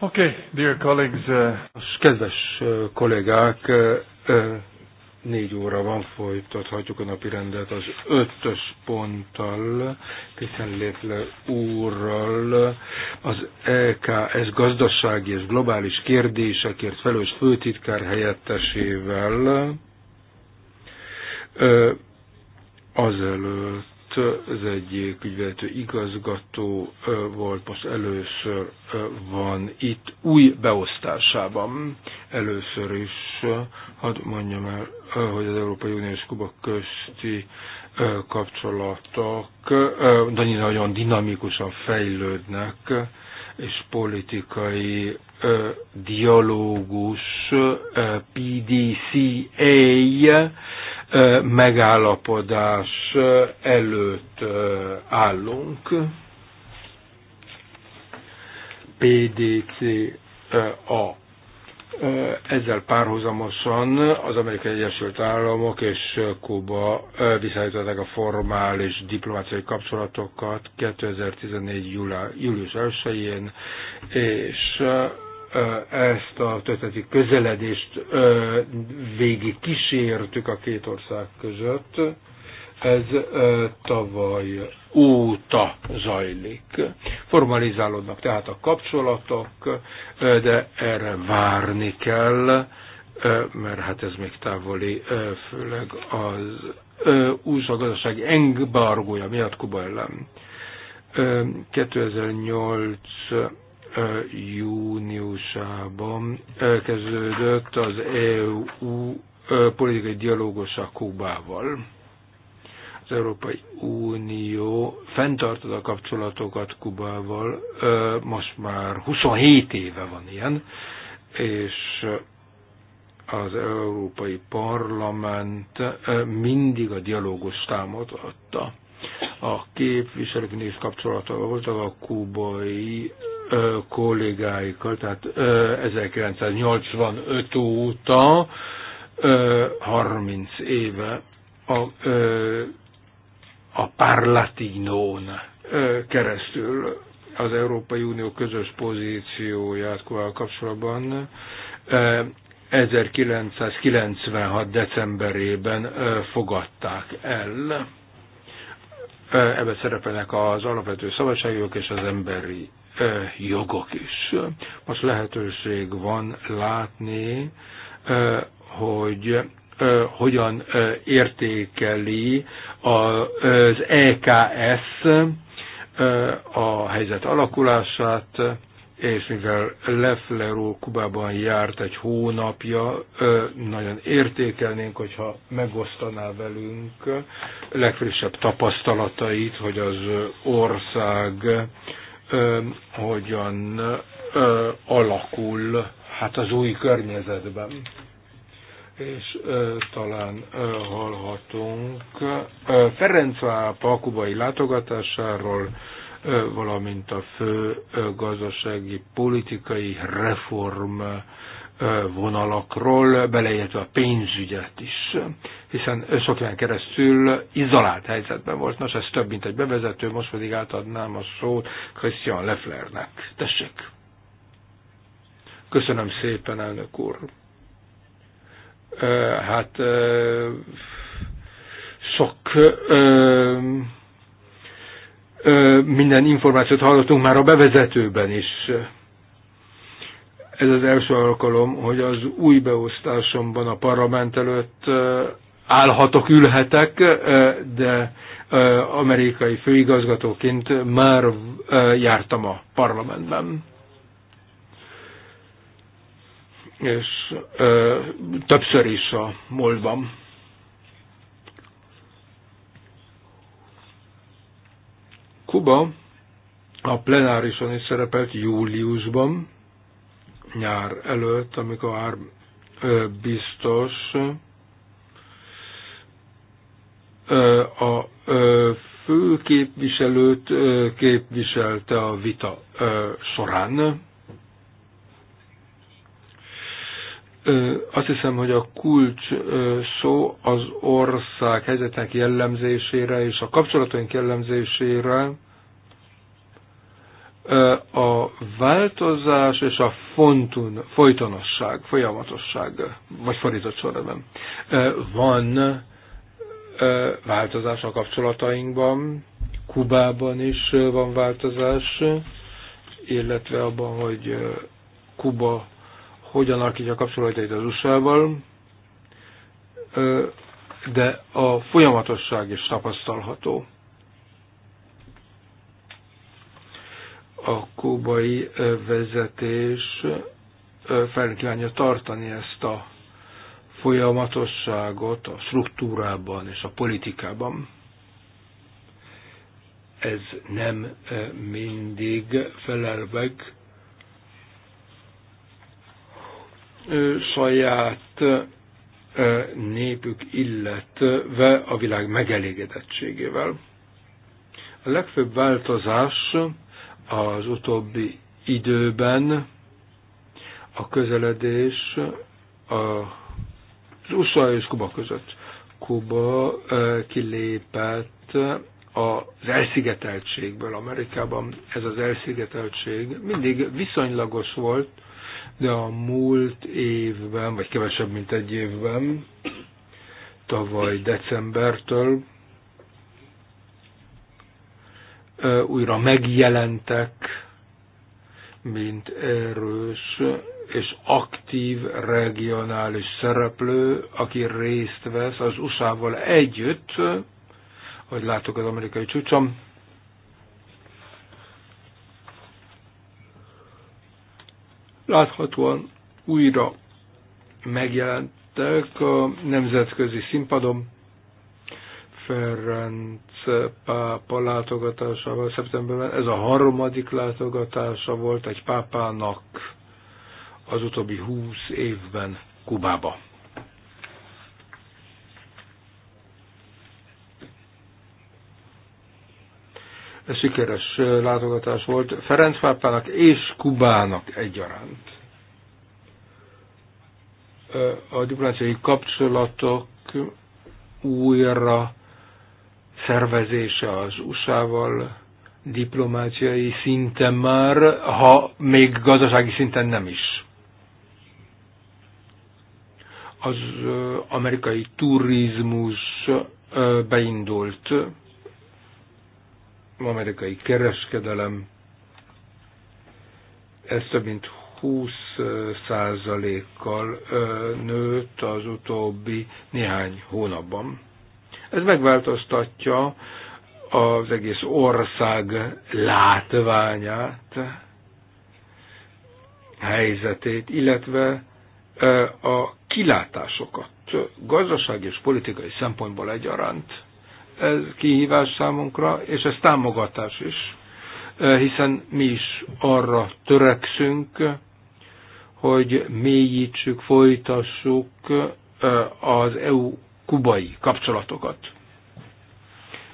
Oké, okay, dear colleagues. Most uh, kedves uh, kollégák, uh, négy óra van, folytathatjuk a napi rendet az ötös ponttal, Krisztán Léple úrral, az EKS gazdasági és globális kérdésekért felelős főtitkár helyettesével egy ügyvezető igazgató volt, most először van itt új beosztásában. Először is, hadd mondjam el, hogy az Európai Unió és Kuba közti kapcsolatok de nagyon dinamikusan fejlődnek, és politikai dialógus PDCA megállapodás előtt állunk. PDC a ezzel párhuzamosan az Amerikai Egyesült Államok és Kuba visszaállították a formális diplomáciai kapcsolatokat 2014. július 1-én, és ezt a történeti közeledést végig kísértük a két ország között. Ez tavaly óta zajlik. Formalizálódnak tehát a kapcsolatok, de erre várni kell, mert hát ez még távoli, főleg az USA gazdasági embargója miatt Kuba ellen. 2008 júniusában kezdődött az EU politikai dialógusa Kubával. Az Európai Unió fenntartod a kapcsolatokat Kubával, most már 27 éve van ilyen, és az Európai Parlament mindig a dialógus támogatta. A képviselők néz kapcsolata voltak a kubai kollégáikkal, tehát 1985 óta 30 éve a, a Parlatinón keresztül az Európai Unió közös pozícióját kapcsolatban 1996. decemberében fogadták el. Ebben szerepelnek az alapvető szabadságjogok és az emberi jogok is. Most lehetőség van látni, hogy hogyan értékeli az EKS a helyzet alakulását, és mivel Lefleró Kubában járt egy hónapja, nagyon értékelnénk, hogyha megosztaná velünk legfrissebb tapasztalatait, hogy az ország hogyan alakul hát az új környezetben. És ö, talán ö, hallhatunk ö, Ferenc Pápa kubai látogatásáról, ö, valamint a fő ö, gazdasági politikai reform vonalakról, beleértve a pénzügyet is, hiszen sok ilyen keresztül izolált helyzetben volt. Nos, ez több, mint egy bevezető, most pedig átadnám a szót Christian Lefflernek. Tessék! Köszönöm szépen, elnök úr! Hát sok minden információt hallottunk már a bevezetőben is ez az első alkalom, hogy az új beosztásomban a parlament előtt állhatok, ülhetek, de amerikai főigazgatóként már jártam a parlamentben. És többször is a múltban. Kuba a plenárison is szerepelt júliusban, nyár előtt, amikor már biztos a fő képviselőt képviselte a vita során. Azt hiszem, hogy a kulcs szó az ország helyzetnek jellemzésére és a kapcsolataink jellemzésére a változás és a fontun, folytonosság, folyamatosság, vagy fordított sorban. Van változás a kapcsolatainkban, Kubában is van változás, illetve abban, hogy Kuba hogyan alakítja a kapcsolatait az USA-val, de a folyamatosság is tapasztalható a kubai vezetés felkívánja tartani ezt a folyamatosságot a struktúrában és a politikában. Ez nem mindig felel meg saját népük illetve a világ megelégedettségével. A legfőbb változás az utóbbi időben a közeledés az USA és Kuba között. Kuba kilépett az elszigeteltségből. Amerikában ez az elszigeteltség mindig viszonylagos volt, de a múlt évben, vagy kevesebb, mint egy évben, tavaly decembertől újra megjelentek, mint erős és aktív regionális szereplő, aki részt vesz az USA-val együtt, hogy látok az amerikai csúcsom, láthatóan újra megjelentek a nemzetközi színpadon, Ferenc pápa látogatásával szeptemberben. Ez a harmadik látogatása volt egy pápának az utóbbi húsz évben Kubába. sikeres látogatás volt Ferenc pápának és Kubának egyaránt. A diplomáciai kapcsolatok újra szervezése az USA-val, diplomáciai szinten már, ha még gazdasági szinten nem is. Az amerikai turizmus beindult, amerikai kereskedelem, ez több mint 20 százalékkal nőtt az utóbbi néhány hónapban. Ez megváltoztatja az egész ország látványát, helyzetét, illetve a kilátásokat gazdasági és politikai szempontból egyaránt. Ez kihívás számunkra, és ez támogatás is, hiszen mi is arra törekszünk, hogy mélyítsük, folytassuk az EU kubai kapcsolatokat.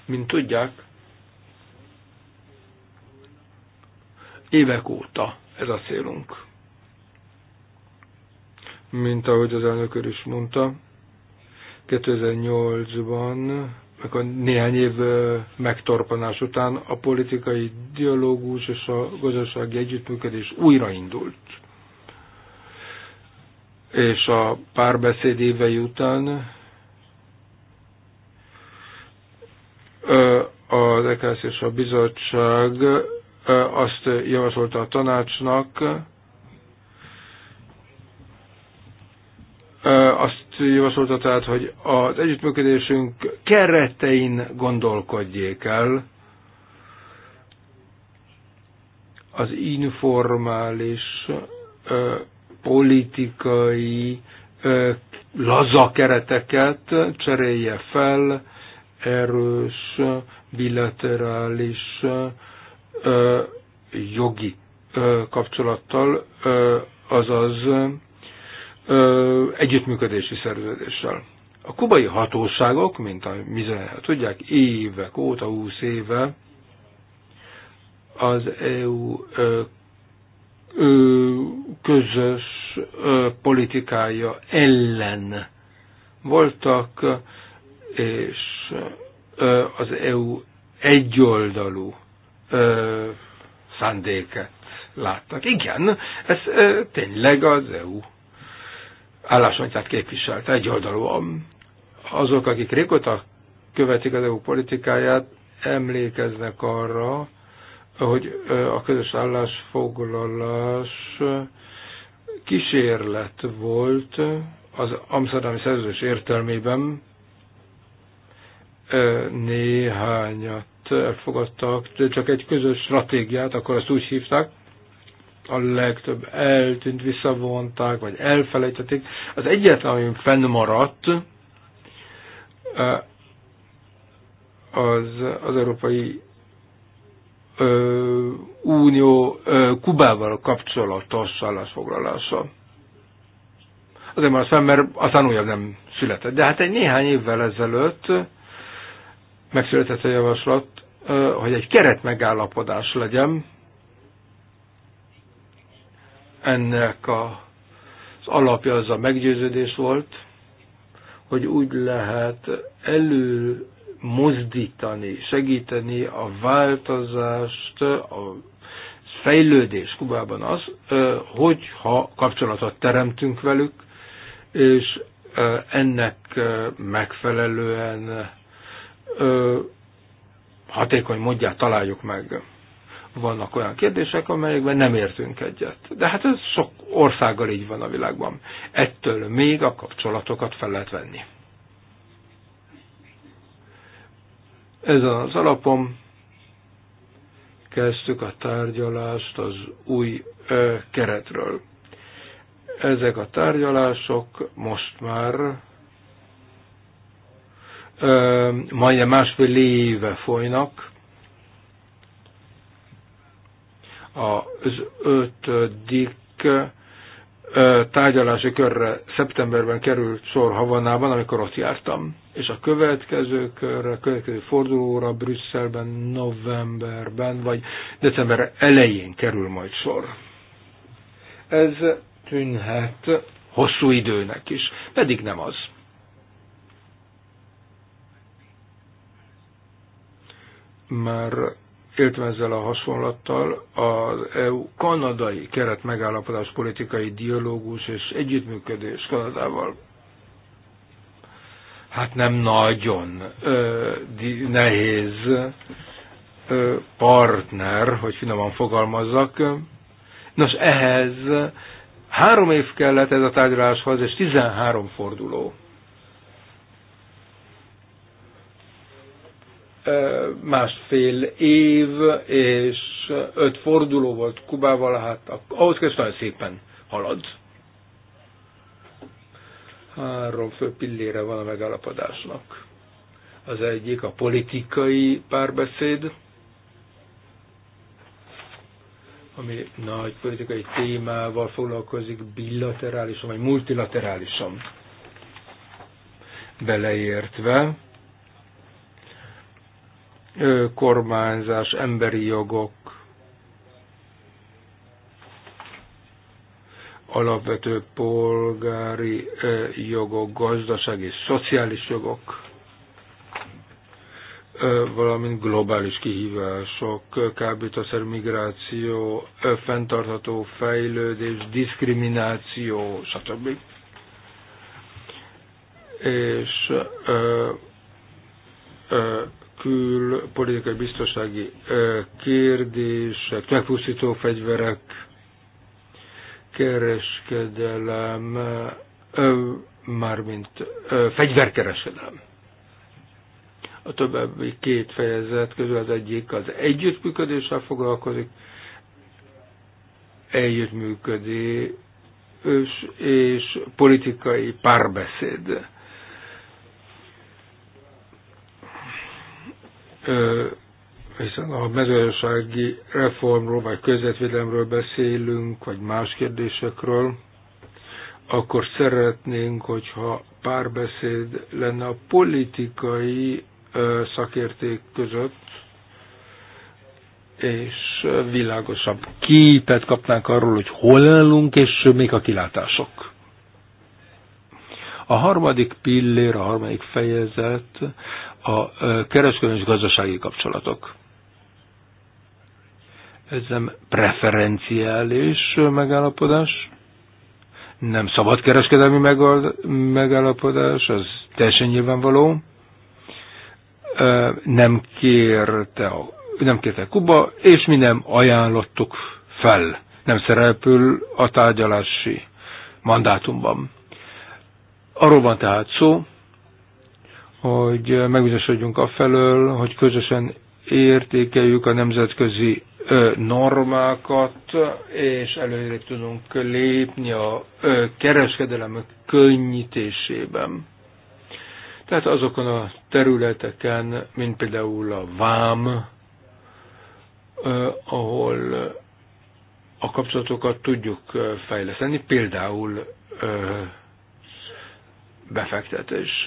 Mint tudják, évek óta ez a célunk. Mint ahogy az elnök is mondta, 2008-ban, a néhány év megtorpanás után a politikai dialógus és a gazdasági együttműködés újraindult. És a párbeszéd évei után Az EKSZ és a bizottság azt javasolta a tanácsnak, azt javasolta tehát, hogy az együttműködésünk keretein gondolkodjék el, az informális politikai laza kereteket cserélje fel erős bilaterális jogi kapcsolattal, azaz együttműködési szerződéssel. A kubai hatóságok, mint a bizonyára tudják, évek óta, húsz éve az EU közös politikája ellen voltak, és az EU egyoldalú szándéket láttak. Igen, ez tényleg az EU álláspontját képviselte egyoldalúan. Azok, akik régóta követik az EU politikáját, emlékeznek arra, hogy a közös állásfoglalás kísérlet volt az Amsterdami szerződés értelmében néhányat elfogadtak, csak egy közös stratégiát, akkor azt úgy hívták, a legtöbb eltűnt, visszavonták, vagy elfelejtették. Az egyetlen, ami fennmaradt, az, az Európai ö, Unió ö, Kubával kapcsolatos állásfoglalása. Azért már aztán, mert aztán újabb nem született. De hát egy néhány évvel ezelőtt megszületett a javaslat, hogy egy keret megállapodás legyen ennek a, az alapja az a meggyőződés volt, hogy úgy lehet elő mozdítani, segíteni a változást, a fejlődés Kubában az, hogyha kapcsolatot teremtünk velük, és ennek megfelelően hatékony módját találjuk meg. Vannak olyan kérdések, amelyekben nem értünk egyet. De hát ez sok országgal így van a világban. Ettől még a kapcsolatokat fel lehet venni. Ez az alapom. kezdtük a tárgyalást az új ö, keretről. Ezek a tárgyalások most már majdnem másfél éve folynak. Az ötödik tárgyalási körre szeptemberben került sor Havanában, amikor ott jártam. És a következő körre, a következő fordulóra Brüsszelben, novemberben, vagy december elején kerül majd sor. Ez tűnhet hosszú időnek is, pedig nem az. már éltem ezzel a hasonlattal, az EU-kanadai keret megállapodás politikai dialógus és együttműködés Kanadával. Hát nem nagyon nehéz partner, hogy finoman fogalmazzak. Nos, ehhez három év kellett ez a tárgyaláshoz, és 13 forduló. másfél év és öt forduló volt Kubával, hát ahhoz kezdve nagyon szépen halad. Három fő pillére van a megállapodásnak. Az egyik a politikai párbeszéd, ami nagy politikai témával foglalkozik bilaterálisan vagy multilaterálisan beleértve kormányzás, emberi jogok, alapvető polgári jogok, gazdasági, szociális jogok, valamint globális kihívások, kábítószer migráció, fenntartható fejlődés, diszkrimináció, stb. És külpolitikai biztonsági kérdések, megpusztító fegyverek, kereskedelem, mármint fegyverkereskedelem. A többi két fejezet közül az egyik az együttműködéssel foglalkozik, együttműködés és politikai párbeszéd hiszen a mezőgazdasági reformról, vagy közvetvédelemről beszélünk, vagy más kérdésekről, akkor szeretnénk, hogyha párbeszéd lenne a politikai szakérték között, és világosabb képet kapnánk arról, hogy hol állunk, és még a kilátások. A harmadik pillér, a harmadik fejezet a kereskedelmi és gazdasági kapcsolatok. Ez nem preferenciális megállapodás, nem szabad kereskedelmi megállapodás, az teljesen nyilvánvaló. Nem kérte, nem kérte Kuba, és mi nem ajánlottuk fel. Nem szerepül a tárgyalási mandátumban. Arról van tehát szó, hogy megbizonyosodjunk afelől, hogy közösen értékeljük a nemzetközi normákat, és előre tudunk lépni a kereskedelem könnyítésében. Tehát azokon a területeken, mint például a vám, ahol a kapcsolatokat tudjuk fejleszteni, például befektetés.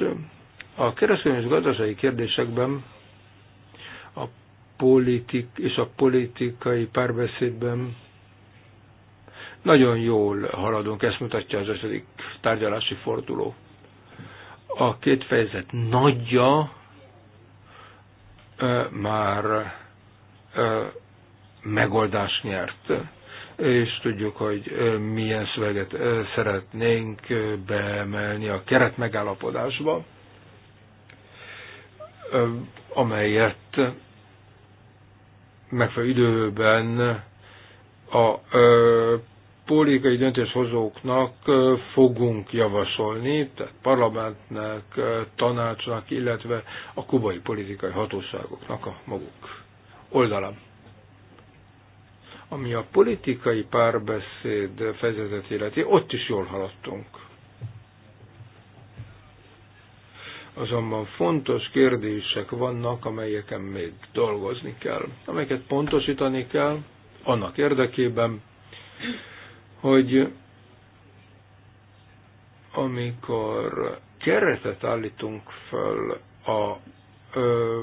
A kereskedelmi és gazdasági kérdésekben a politik és a politikai párbeszédben nagyon jól haladunk, ezt mutatja az ötödik tárgyalási forduló. A két fejezet nagyja e, már e, megoldást nyert, és tudjuk, hogy milyen szöveget szeretnénk beemelni a keretmegállapodásba amelyet megfelelő időben a politikai döntéshozóknak fogunk javasolni, tehát parlamentnek, tanácsnak, illetve a kubai politikai hatóságoknak a maguk oldalam, Ami a politikai párbeszéd fejezetét illeti, ott is jól haladtunk Azonban fontos kérdések vannak, amelyeken még dolgozni kell, amelyeket pontosítani kell annak érdekében, hogy amikor keretet állítunk föl a ö,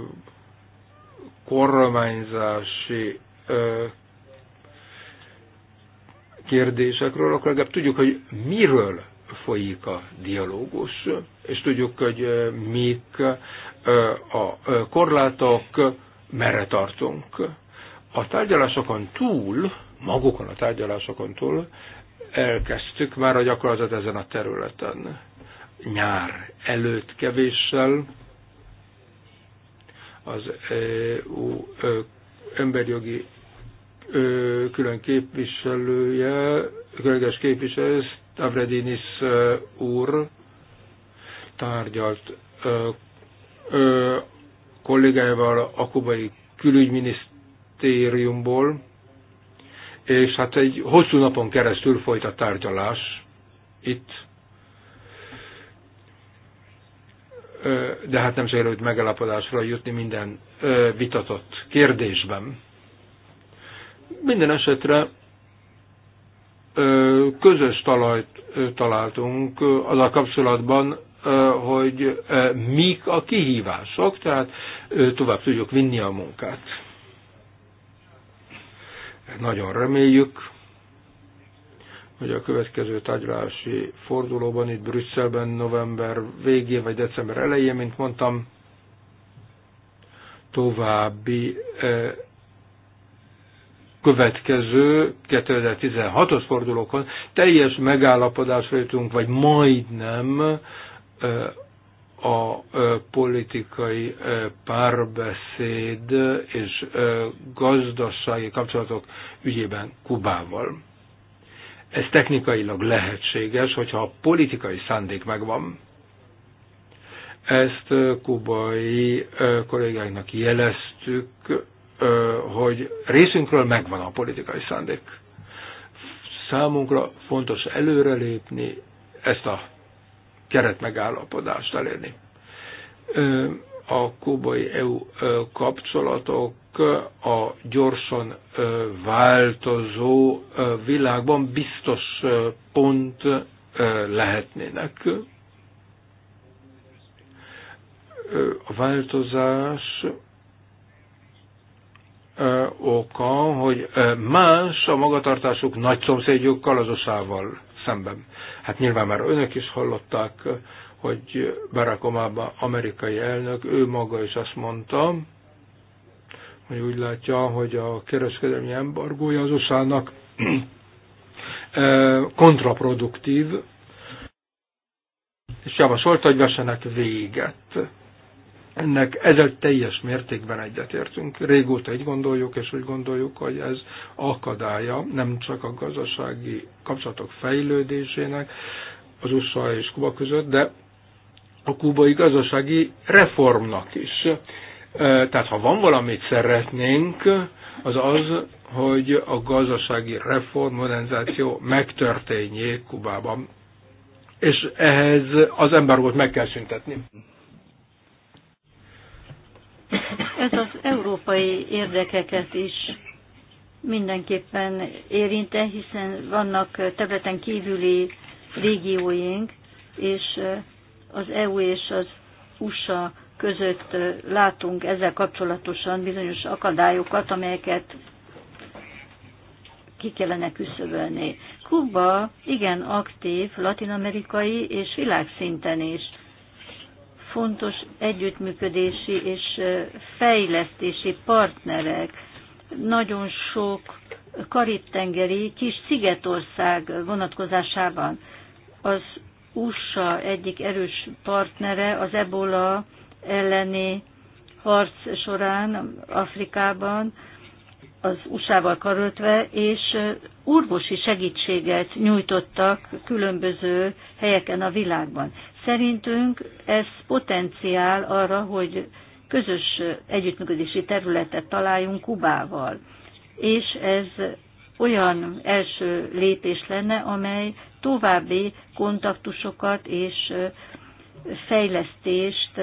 kormányzási ö, kérdésekről, akkor legalább tudjuk, hogy miről folyik a dialógus, és tudjuk, hogy mik a korlátok, merre tartunk. A tárgyalásokon túl, magukon a tárgyalásokon túl elkezdtük már a gyakorlatot ezen a területen. Nyár előtt kevéssel az EU emberjogi külön képviselője, különleges képviselő Tavredinis úr tárgyalt kollégával a kubai külügyminisztériumból, és hát egy hosszú napon keresztül folyt a tárgyalás itt, de hát nem sikerült megelapodásra, jutni minden vitatott kérdésben. Minden esetre közös talajt találtunk az a kapcsolatban, hogy mik a kihívások, tehát tovább tudjuk vinni a munkát. Nagyon reméljük, hogy a következő tárgyalási fordulóban itt Brüsszelben november végén vagy december elején, mint mondtam, további következő 2016-os fordulókon teljes megállapodásra jutunk, vagy majdnem a politikai párbeszéd és gazdasági kapcsolatok ügyében Kubával. Ez technikailag lehetséges, hogyha a politikai szándék megvan. Ezt kubai kollégáknak jeleztük, hogy részünkről megvan a politikai szándék. Számunkra fontos előrelépni, ezt a keret megállapodást elérni. A kubai EU kapcsolatok a gyorsan változó világban biztos pont lehetnének. A változás oka, hogy más a magatartásuk nagy szomszédjukkal, az USA-val szemben. Hát nyilván már önök is hallották, hogy Barack Obama amerikai elnök, ő maga is azt mondta, hogy úgy látja, hogy a kereskedelmi embargója az USA-nak kontraproduktív, és javasolta, hogy vessenek véget ennek ezzel teljes mértékben egyetértünk. Régóta így gondoljuk, és úgy gondoljuk, hogy ez akadálya nem csak a gazdasági kapcsolatok fejlődésének az USA és Kuba között, de a kubai gazdasági reformnak is. Tehát ha van valamit szeretnénk, az az, hogy a gazdasági reform, modernizáció megtörténjék Kubában. És ehhez az embargót meg kell szüntetni. Ez az európai érdekeket is mindenképpen érinte, hiszen vannak területen kívüli régióink, és az EU és az USA között látunk ezzel kapcsolatosan bizonyos akadályokat, amelyeket ki kellene küszöbölni. Kuba igen aktív latinamerikai és világszinten is fontos együttműködési és fejlesztési partnerek. Nagyon sok karibtengeri kis szigetország vonatkozásában az USA egyik erős partnere az ebola elleni harc során Afrikában, az USA-val karöltve, és orvosi segítséget nyújtottak különböző helyeken a világban. Szerintünk ez potenciál arra, hogy közös együttműködési területet találjunk Kubával. És ez olyan első lépés lenne, amely további kontaktusokat és fejlesztést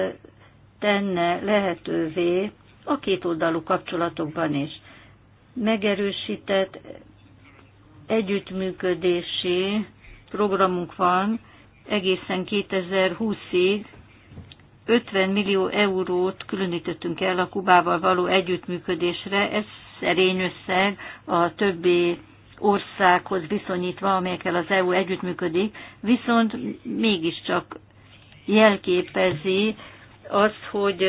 tenne lehetővé a kétoldalú kapcsolatokban is. Megerősített együttműködési programunk van egészen 2020-ig 50 millió eurót különítettünk el a Kubával való együttműködésre. Ez szerény összeg a többi országhoz viszonyítva, amelyekkel az EU együttműködik, viszont mégiscsak jelképezi azt, hogy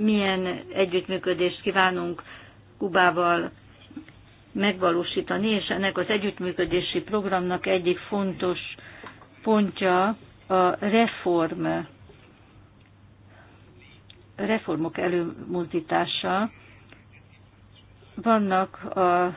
milyen együttműködést kívánunk Kubával megvalósítani, és ennek az együttműködési programnak egyik fontos pontja a reform, reformok előmozdítása. Vannak a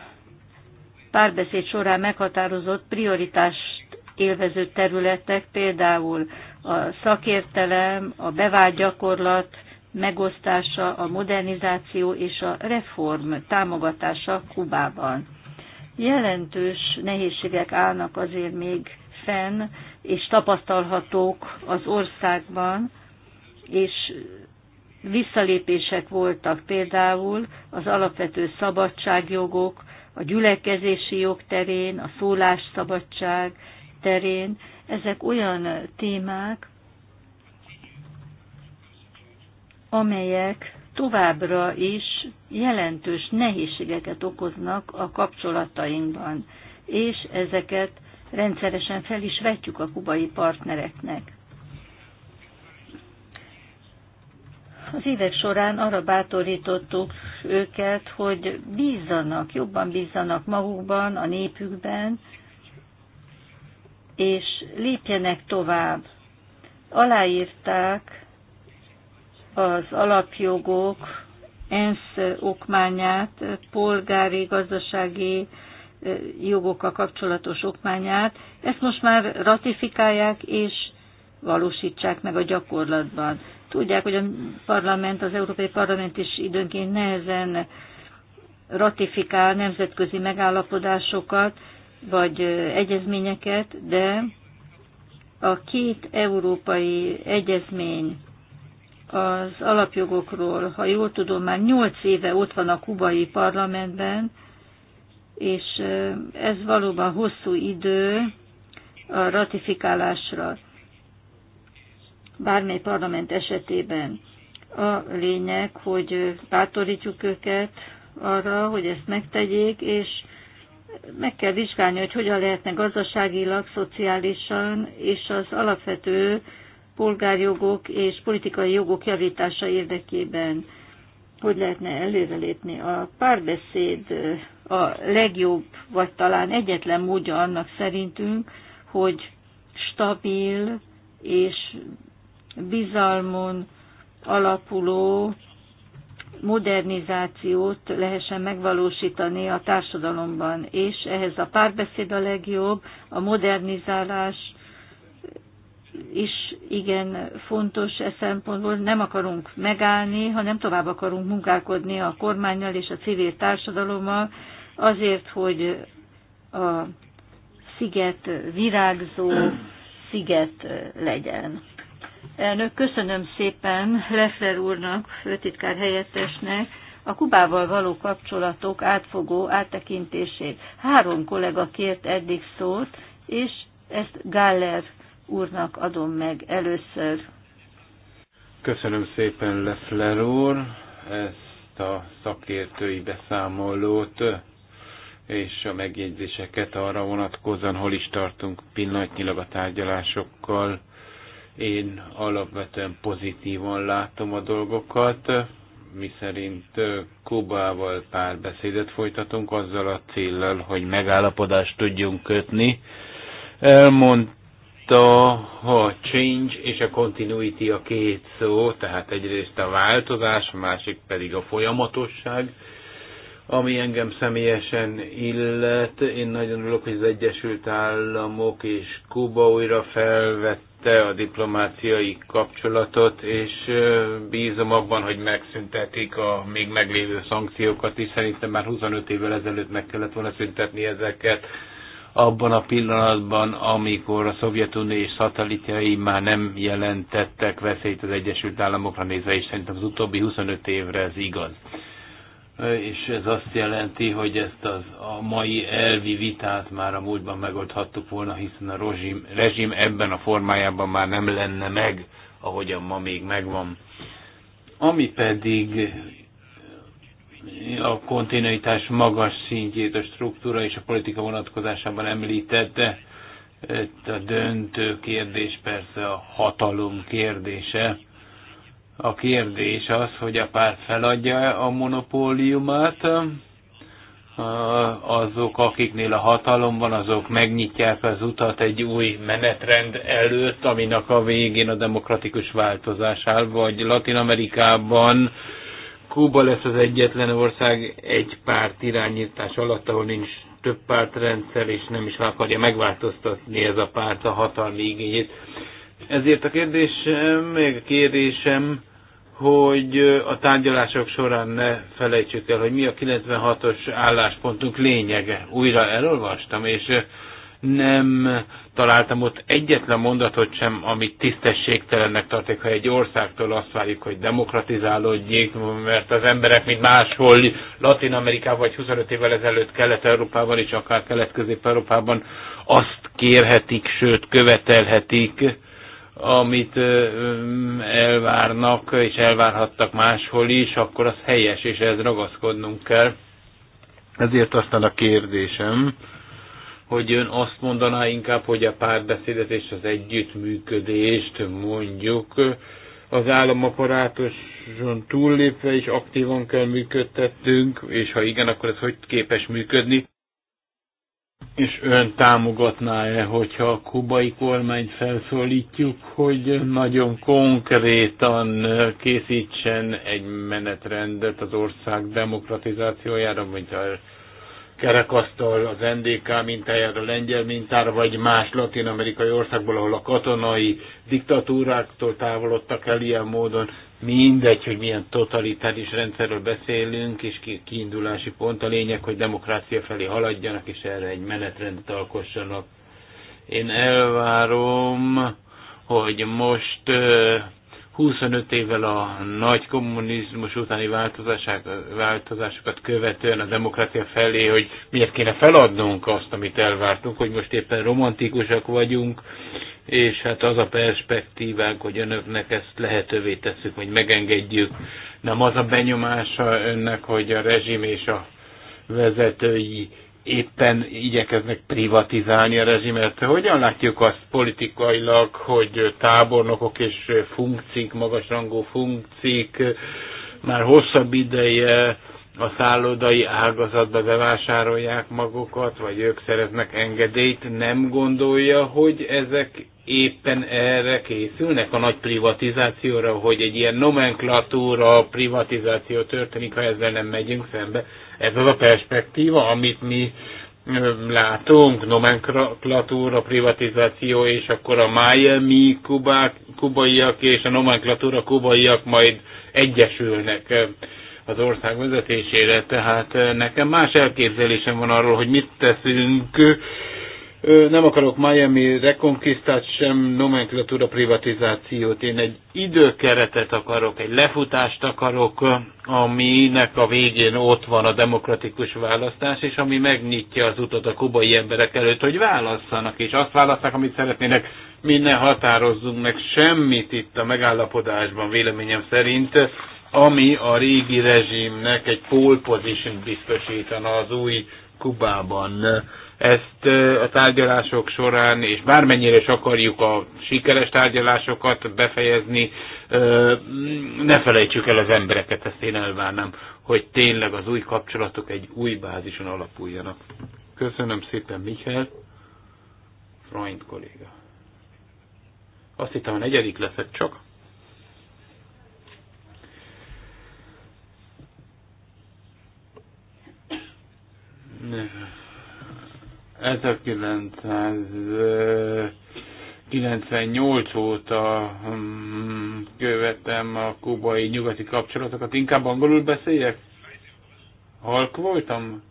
párbeszéd során meghatározott prioritást élvező területek, például a szakértelem, a bevált gyakorlat megosztása, a modernizáció és a reform támogatása Kubában. Jelentős nehézségek állnak azért még fenn, és tapasztalhatók az országban, és visszalépések voltak például az alapvető szabadságjogok, a gyülekezési jog terén, a szólásszabadság terén. Ezek olyan témák, amelyek továbbra is jelentős nehézségeket okoznak a kapcsolatainkban, és ezeket rendszeresen fel is vetjük a kubai partnereknek. Az évek során arra bátorítottuk őket, hogy bízzanak, jobban bízzanak magukban, a népükben, és lépjenek tovább. Aláírták az alapjogok ENSZ okmányát, polgári, gazdasági, jogokkal kapcsolatos okmányát. Ezt most már ratifikálják és valósítsák meg a gyakorlatban. Tudják, hogy a parlament, az Európai Parlament is időnként nehezen ratifikál nemzetközi megállapodásokat vagy egyezményeket, de a két európai egyezmény az alapjogokról, ha jól tudom, már nyolc éve ott van a kubai parlamentben, és ez valóban hosszú idő a ratifikálásra, bármely parlament esetében. A lényeg, hogy bátorítjuk őket arra, hogy ezt megtegyék, és meg kell vizsgálni, hogy hogyan lehetne gazdaságilag, szociálisan és az alapvető polgárjogok és politikai jogok javítása érdekében hogy lehetne előrelépni. A párbeszéd a legjobb, vagy talán egyetlen módja annak szerintünk, hogy stabil és bizalmon alapuló modernizációt lehessen megvalósítani a társadalomban, és ehhez a párbeszéd a legjobb, a modernizálás is igen fontos e szempontból. Nem akarunk megállni, hanem tovább akarunk munkálkodni a kormányjal és a civil társadalommal, azért, hogy a sziget virágzó sziget legyen. Elnök, köszönöm szépen Leffler úrnak, főtitkár helyettesnek, a Kubával való kapcsolatok átfogó áttekintését. Három kollega kért eddig szót, és ezt Galler úrnak adom meg először. Köszönöm szépen Leffler úr ezt a szakértői beszámolót és a megjegyzéseket arra vonatkozóan, hol is tartunk pillanatnyilag a tárgyalásokkal. Én alapvetően pozitívan látom a dolgokat, mi szerint Kubával párbeszédet folytatunk azzal a céllal, hogy megállapodást tudjunk kötni. Elmondta, a change és a continuity a két szó, tehát egyrészt a változás, a másik pedig a folyamatosság, ami engem személyesen illet. Én nagyon örülök, hogy az Egyesült Államok és Kuba újra felvette a diplomáciai kapcsolatot, és bízom abban, hogy megszüntetik a még meglévő szankciókat is. Szerintem már 25 évvel ezelőtt meg kellett volna szüntetni ezeket abban a pillanatban, amikor a Szovjetunió és szatelitjai már nem jelentettek veszélyt az Egyesült Államokra nézve, és szerintem az utóbbi 25 évre ez igaz és ez azt jelenti, hogy ezt az, a mai elvi vitát már a múltban megoldhattuk volna, hiszen a rozsim, rezsim ebben a formájában már nem lenne meg, ahogyan ma még megvan. Ami pedig a kontinuitás magas szintjét a struktúra és a politika vonatkozásában említette, a döntő kérdés persze a hatalom kérdése a kérdés az, hogy a párt feladja a monopóliumát, azok, akiknél a hatalom van, azok megnyitják az utat egy új menetrend előtt, aminek a végén a demokratikus változás áll, vagy Latin Amerikában Kuba lesz az egyetlen ország egy párt irányítás alatt, ahol nincs több pártrendszer, és nem is akarja megváltoztatni ez a párt a hatalmi igényét. Ezért a kérdésem, még a kérdésem hogy a tárgyalások során ne felejtsük el, hogy mi a 96-os álláspontunk lényege. Újra elolvastam, és nem találtam ott egyetlen mondatot sem, amit tisztességtelennek tartok, ha egy országtól azt várjuk, hogy demokratizálódjék, mert az emberek, mint máshol, Latin Amerikában vagy 25 évvel ezelőtt Kelet-Európában és akár Kelet-Közép-Európában azt kérhetik, sőt követelhetik, amit elvárnak és elvárhattak máshol is, akkor az helyes, és ez ragaszkodnunk kell. Ezért aztán a kérdésem, hogy ön azt mondaná inkább, hogy a párbeszédet és az együttműködést mondjuk az államaparátuson túllépve is aktívan kell működtettünk, és ha igen, akkor ez hogy képes működni? És ön támogatná-e, hogyha a kubai kormányt felszólítjuk, hogy nagyon konkrétan készítsen egy menetrendet az ország demokratizációjára, mint a kerekasztal az NDK mintájára, lengyel mintára, vagy más latin-amerikai országból, ahol a katonai diktatúráktól távolodtak el ilyen módon mindegy, hogy milyen totalitáris rendszerről beszélünk, és kiindulási pont a lényeg, hogy demokrácia felé haladjanak, és erre egy menetrendet alkossanak. Én elvárom, hogy most 25 évvel a nagy kommunizmus utáni változásokat követően a demokrácia felé, hogy miért kéne feladnunk azt, amit elvártunk, hogy most éppen romantikusak vagyunk, és hát az a perspektívánk, hogy önöknek ezt lehetővé tesszük, hogy megengedjük. Nem az a benyomása önnek, hogy a rezsim és a vezetői éppen igyekeznek privatizálni a rezsimet. Hogyan látjuk azt politikailag, hogy tábornokok és funkcik, magasrangú funkcik már hosszabb ideje a szállodai ágazatba bevásárolják magukat, vagy ők szereznek engedélyt, nem gondolja, hogy ezek éppen erre készülnek a nagy privatizációra, hogy egy ilyen nomenklatúra privatizáció történik, ha ezzel nem megyünk szembe. Ez az a perspektíva, amit mi látunk, nomenklatúra, privatizáció, és akkor a Miami kubák, kubaiak és a nomenklatúra kubaiak majd egyesülnek az ország vezetésére. Tehát nekem más elképzelésem van arról, hogy mit teszünk nem akarok Miami rekonkisztát, sem nomenklatúra privatizációt. Én egy időkeretet akarok, egy lefutást akarok, aminek a végén ott van a demokratikus választás, és ami megnyitja az utat a kubai emberek előtt, hogy válasszanak, és azt válasszák, amit szeretnének. Mi ne határozzunk meg semmit itt a megállapodásban, véleményem szerint, ami a régi rezsimnek egy pole position biztosítana az új Kubában ezt a tárgyalások során, és bármennyire is akarjuk a sikeres tárgyalásokat befejezni, ne felejtsük el az embereket, ezt én elvárnám, hogy tényleg az új kapcsolatok egy új bázison alapuljanak. Köszönöm szépen, Michael. Freund kolléga. Azt hittem, a negyedik leszek csak. Never. 1998 óta mm, követem a kubai nyugati kapcsolatokat. Inkább angolul beszéljek? Halk voltam?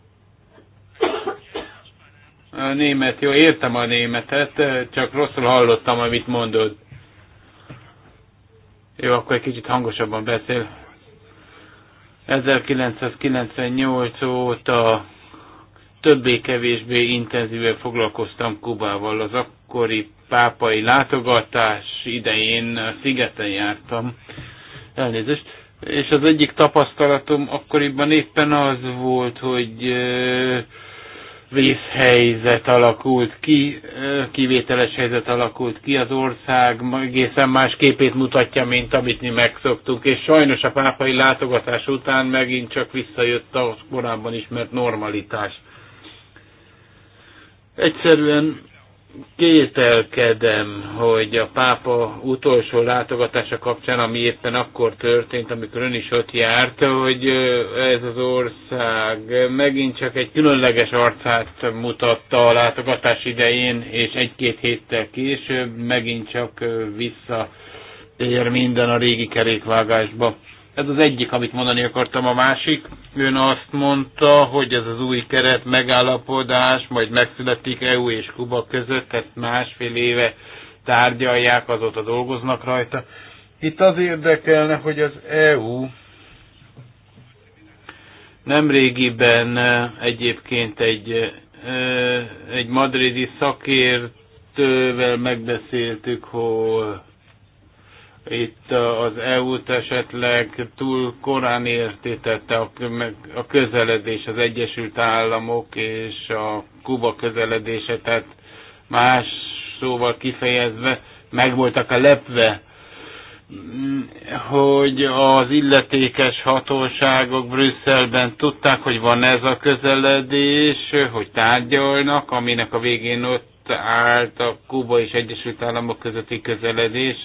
A német, jó, értem a németet, csak rosszul hallottam, amit mondod. Jó, akkor egy kicsit hangosabban beszél. 1998 óta többé-kevésbé intenzíven foglalkoztam Kubával. Az akkori pápai látogatás idején a szigeten jártam. Elnézést. És az egyik tapasztalatom akkoriban éppen az volt, hogy vészhelyzet alakult ki, kivételes helyzet alakult ki, az ország egészen más képét mutatja, mint amit mi megszoktunk, és sajnos a pápai látogatás után megint csak visszajött a korábban ismert normalitás. Egyszerűen kételkedem, hogy a pápa utolsó látogatása kapcsán, ami éppen akkor történt, amikor ön is ott járt, hogy ez az ország megint csak egy különleges arcát mutatta a látogatás idején, és egy-két héttel később megint csak visszatér minden a régi kerékvágásba. Ez az egyik, amit mondani akartam. A másik, ön azt mondta, hogy ez az új keret megállapodás, majd megszületik EU és Kuba között, tehát másfél éve tárgyalják, azóta dolgoznak rajta. Itt az érdekelne, hogy az EU nemrégiben egyébként egy, egy madridi szakértővel megbeszéltük, hogy itt az EU-t esetleg túl korán értítette a közeledés, az Egyesült Államok és a Kuba közeledése, tehát más szóval kifejezve meg voltak a lepve, hogy az illetékes hatóságok Brüsszelben tudták, hogy van ez a közeledés, hogy tárgyalnak, aminek a végén ott állt a Kuba és Egyesült Államok közötti közeledés,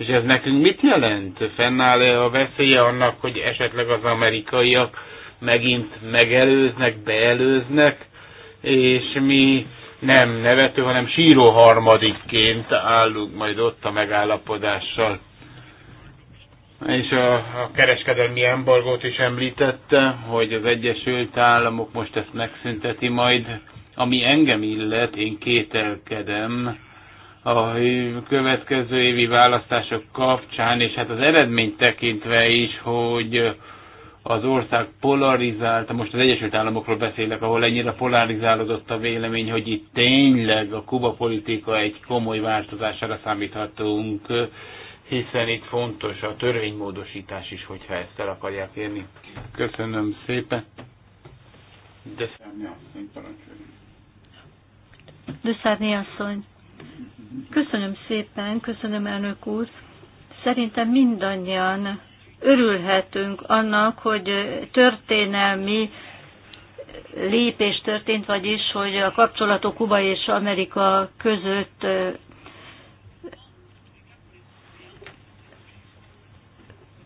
és ez nekünk mit jelent? Fennáll-e a veszélye annak, hogy esetleg az amerikaiak megint megelőznek, beelőznek, és mi nem nevető, hanem síró harmadikként állunk majd ott a megállapodással. És a, a kereskedelmi embargót is említette, hogy az Egyesült Államok most ezt megszünteti majd. Ami engem illet, én kételkedem, a következő évi választások kapcsán, és hát az eredményt tekintve is, hogy az ország polarizált, most az Egyesült Államokról beszélek, ahol ennyire polarizálódott a vélemény, hogy itt tényleg a Kuba politika egy komoly változására számíthatunk, hiszen itt fontos a törvénymódosítás is, hogyha ezt el akarják érni. Köszönöm szépen. De Szárnyi asszony, parancsoljon. De Szárnyi asszony. Köszönöm szépen, köszönöm elnök úr. Szerintem mindannyian örülhetünk annak, hogy történelmi lépés történt, vagyis, hogy a kapcsolatok Kuba és Amerika között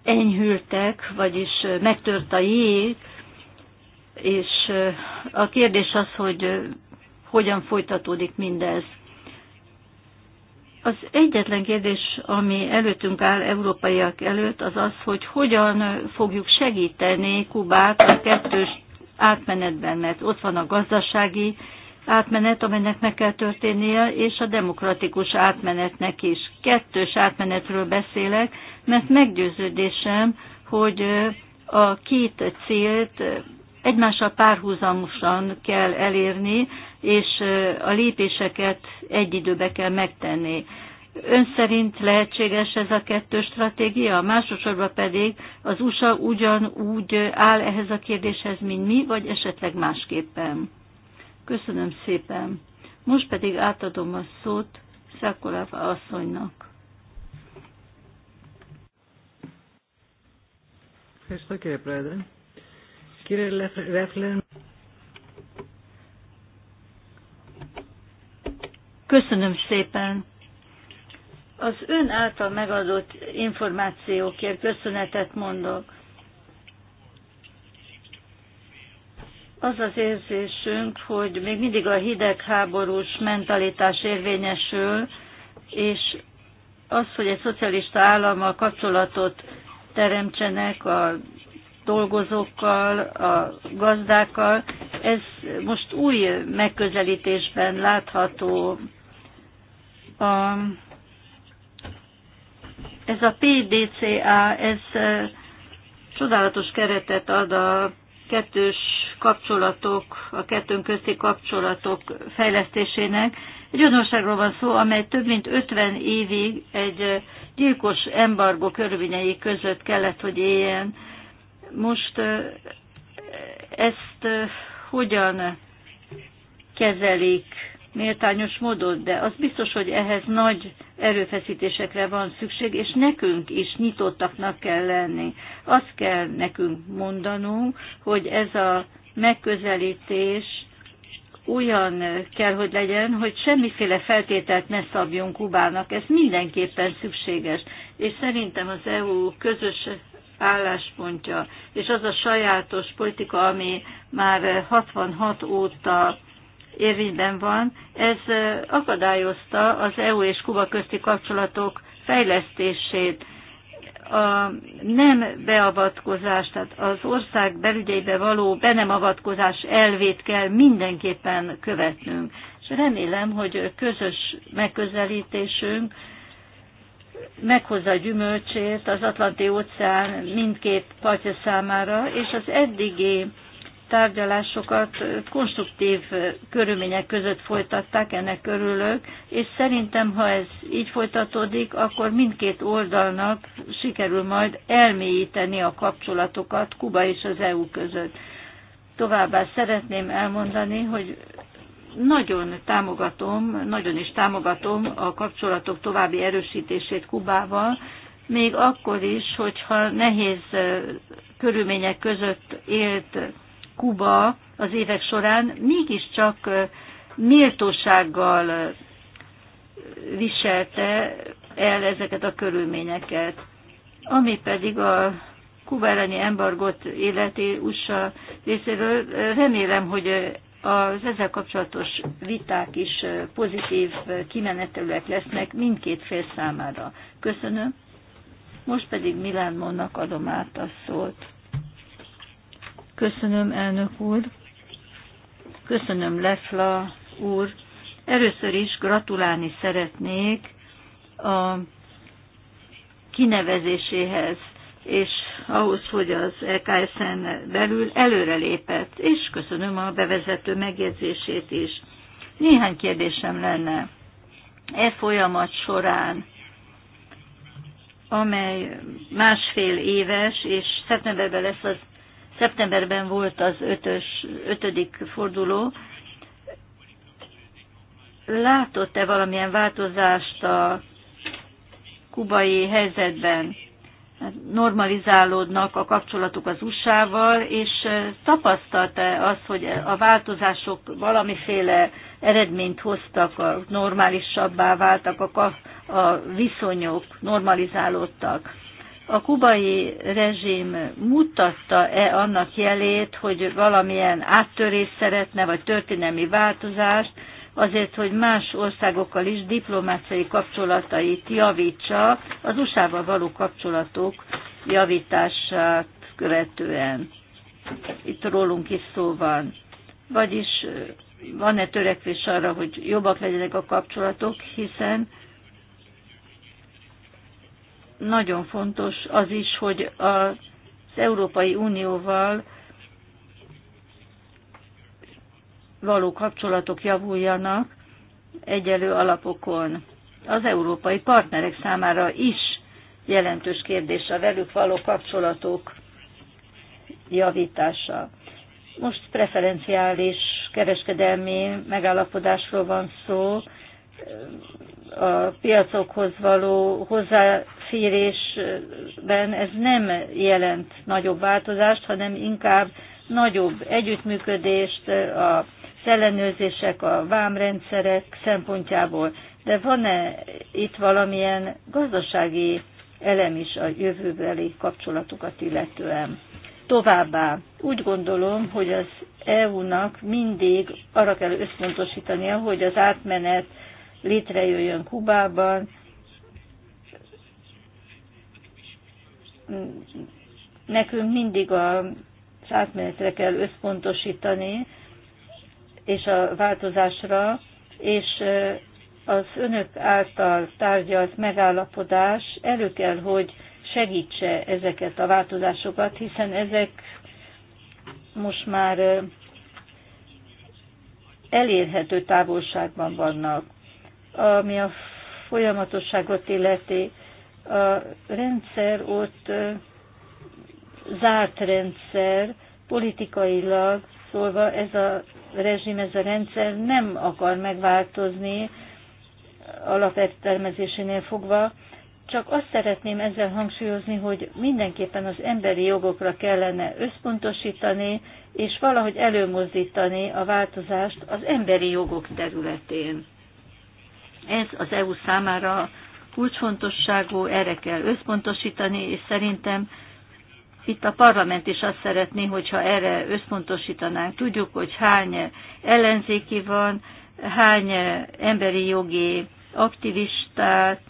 enyhültek, vagyis megtört a jég, és a kérdés az, hogy hogyan folytatódik mindez. Az egyetlen kérdés, ami előttünk áll európaiak előtt, az az, hogy hogyan fogjuk segíteni Kubát a kettős átmenetben, mert ott van a gazdasági átmenet, amelynek meg kell történnie, és a demokratikus átmenetnek is. Kettős átmenetről beszélek, mert meggyőződésem, hogy a két célt egymással párhuzamosan kell elérni, és a lépéseket egy időbe kell megtenni. Ön szerint lehetséges ez a kettő stratégia? Másosorban pedig az USA ugyanúgy áll ehhez a kérdéshez, mint mi, vagy esetleg másképpen? Köszönöm szépen. Most pedig átadom a szót Szakoláv asszonynak. Köszönöm, Köszönöm szépen! Az ön által megadott információkért köszönetet mondok. Az az érzésünk, hogy még mindig a hidegháborús mentalitás érvényesül, és az, hogy egy szocialista állammal kapcsolatot teremtsenek a dolgozókkal, a gazdákkal. Ez most új megközelítésben látható. A, ez a PDCA, ez csodálatos keretet ad a kettős kapcsolatok, a kettőn közti kapcsolatok fejlesztésének. Egy önosságról van szó, amely több mint 50 évig egy gyilkos embargó körülményei között kellett, hogy éljen most ezt hogyan kezelik méltányos módon, de az biztos, hogy ehhez nagy erőfeszítésekre van szükség, és nekünk is nyitottaknak kell lenni. Azt kell nekünk mondanunk, hogy ez a megközelítés olyan kell, hogy legyen, hogy semmiféle feltételt ne szabjon Kubának. Ez mindenképpen szükséges. És szerintem az EU közös álláspontja, és az a sajátos politika, ami már 66 óta érvényben van, ez akadályozta az EU és Kuba közti kapcsolatok fejlesztését. A nem beavatkozás, tehát az ország belügyeibe való be nem avatkozás elvét kell mindenképpen követnünk. És remélem, hogy közös megközelítésünk meghozza a gyümölcsét az Atlanti óceán mindkét partja számára, és az eddigi tárgyalásokat konstruktív körülmények között folytatták, ennek örülök, és szerintem, ha ez így folytatódik, akkor mindkét oldalnak sikerül majd elmélyíteni a kapcsolatokat Kuba és az EU között. Továbbá szeretném elmondani, hogy nagyon támogatom, nagyon is támogatom a kapcsolatok további erősítését Kubával, még akkor is, hogyha nehéz körülmények között élt Kuba az évek során, mégiscsak méltósággal viselte el ezeket a körülményeket. Ami pedig a Kuba elleni embargot életi USA részéről, remélem, hogy az ezzel kapcsolatos viták is pozitív kimenetelőek lesznek mindkét fél számára. Köszönöm. Most pedig Milán Monnak adom át a szót. Köszönöm, elnök úr. Köszönöm, Lefla úr. Először is gratulálni szeretnék a kinevezéséhez és ahhoz, hogy az EKSZ-en belül előrelépett, és köszönöm a bevezető megjegyzését is. Néhány kérdésem lenne. E folyamat során, amely másfél éves, és szeptemberben lesz az, szeptemberben volt az ötös, ötödik forduló, látott-e valamilyen változást a kubai helyzetben? normalizálódnak a kapcsolatuk az USA-val, és tapasztalta az, hogy a változások valamiféle eredményt hoztak, a normálisabbá váltak, a, a viszonyok normalizálódtak. A kubai rezsim mutatta-e annak jelét, hogy valamilyen áttörés szeretne, vagy történelmi változást, azért, hogy más országokkal is diplomáciai kapcsolatait javítsa, az USA-val való kapcsolatok javítását követően. Itt rólunk is szó van. Vagyis van-e törekvés arra, hogy jobbak legyenek a kapcsolatok, hiszen nagyon fontos az is, hogy az Európai Unióval való kapcsolatok javuljanak egyelő alapokon. Az európai partnerek számára is jelentős kérdés a velük való kapcsolatok javítása. Most preferenciális kereskedelmi megállapodásról van szó, a piacokhoz való hozzáférésben ez nem jelent nagyobb változást, hanem inkább nagyobb együttműködést a ellenőrzések, a vámrendszerek szempontjából, de van-e itt valamilyen gazdasági elem is a jövőbeli kapcsolatokat illetően? Továbbá úgy gondolom, hogy az EU-nak mindig arra kell összpontosítania, hogy az átmenet létrejöjjön Kubában, nekünk mindig az átmenetre kell összpontosítani, és a változásra, és az önök által tárgyalt megállapodás elő kell, hogy segítse ezeket a változásokat, hiszen ezek most már elérhető távolságban vannak. Ami a folyamatosságot illeti, a rendszer ott zárt rendszer, politikailag szólva ez a rezsim, ez a rendszer nem akar megváltozni alapértelmezésénél fogva, csak azt szeretném ezzel hangsúlyozni, hogy mindenképpen az emberi jogokra kellene összpontosítani, és valahogy előmozdítani a változást az emberi jogok területén. Ez az EU számára kulcsfontosságú, erre kell összpontosítani, és szerintem itt a parlament is azt szeretné, hogyha erre összpontosítanánk. Tudjuk, hogy hány ellenzéki van, hány emberi jogi aktivistát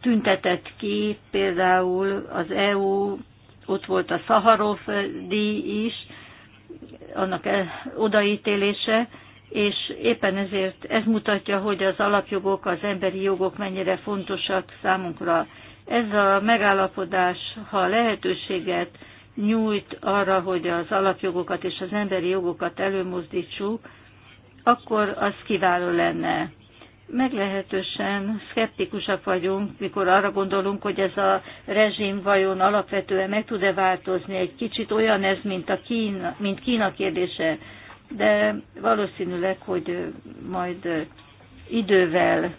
tüntetett ki, például az EU, ott volt a Szaharov díj is, annak odaítélése, és éppen ezért ez mutatja, hogy az alapjogok, az emberi jogok mennyire fontosak számunkra. Ez a megállapodás, ha lehetőséget nyújt arra, hogy az alapjogokat és az emberi jogokat előmozdítsuk, akkor az kiváló lenne. Meglehetősen szkeptikusak vagyunk, mikor arra gondolunk, hogy ez a rezsim vajon alapvetően meg tud-e változni. Egy kicsit olyan ez, mint, a Kína, mint Kína kérdése, de valószínűleg, hogy majd idővel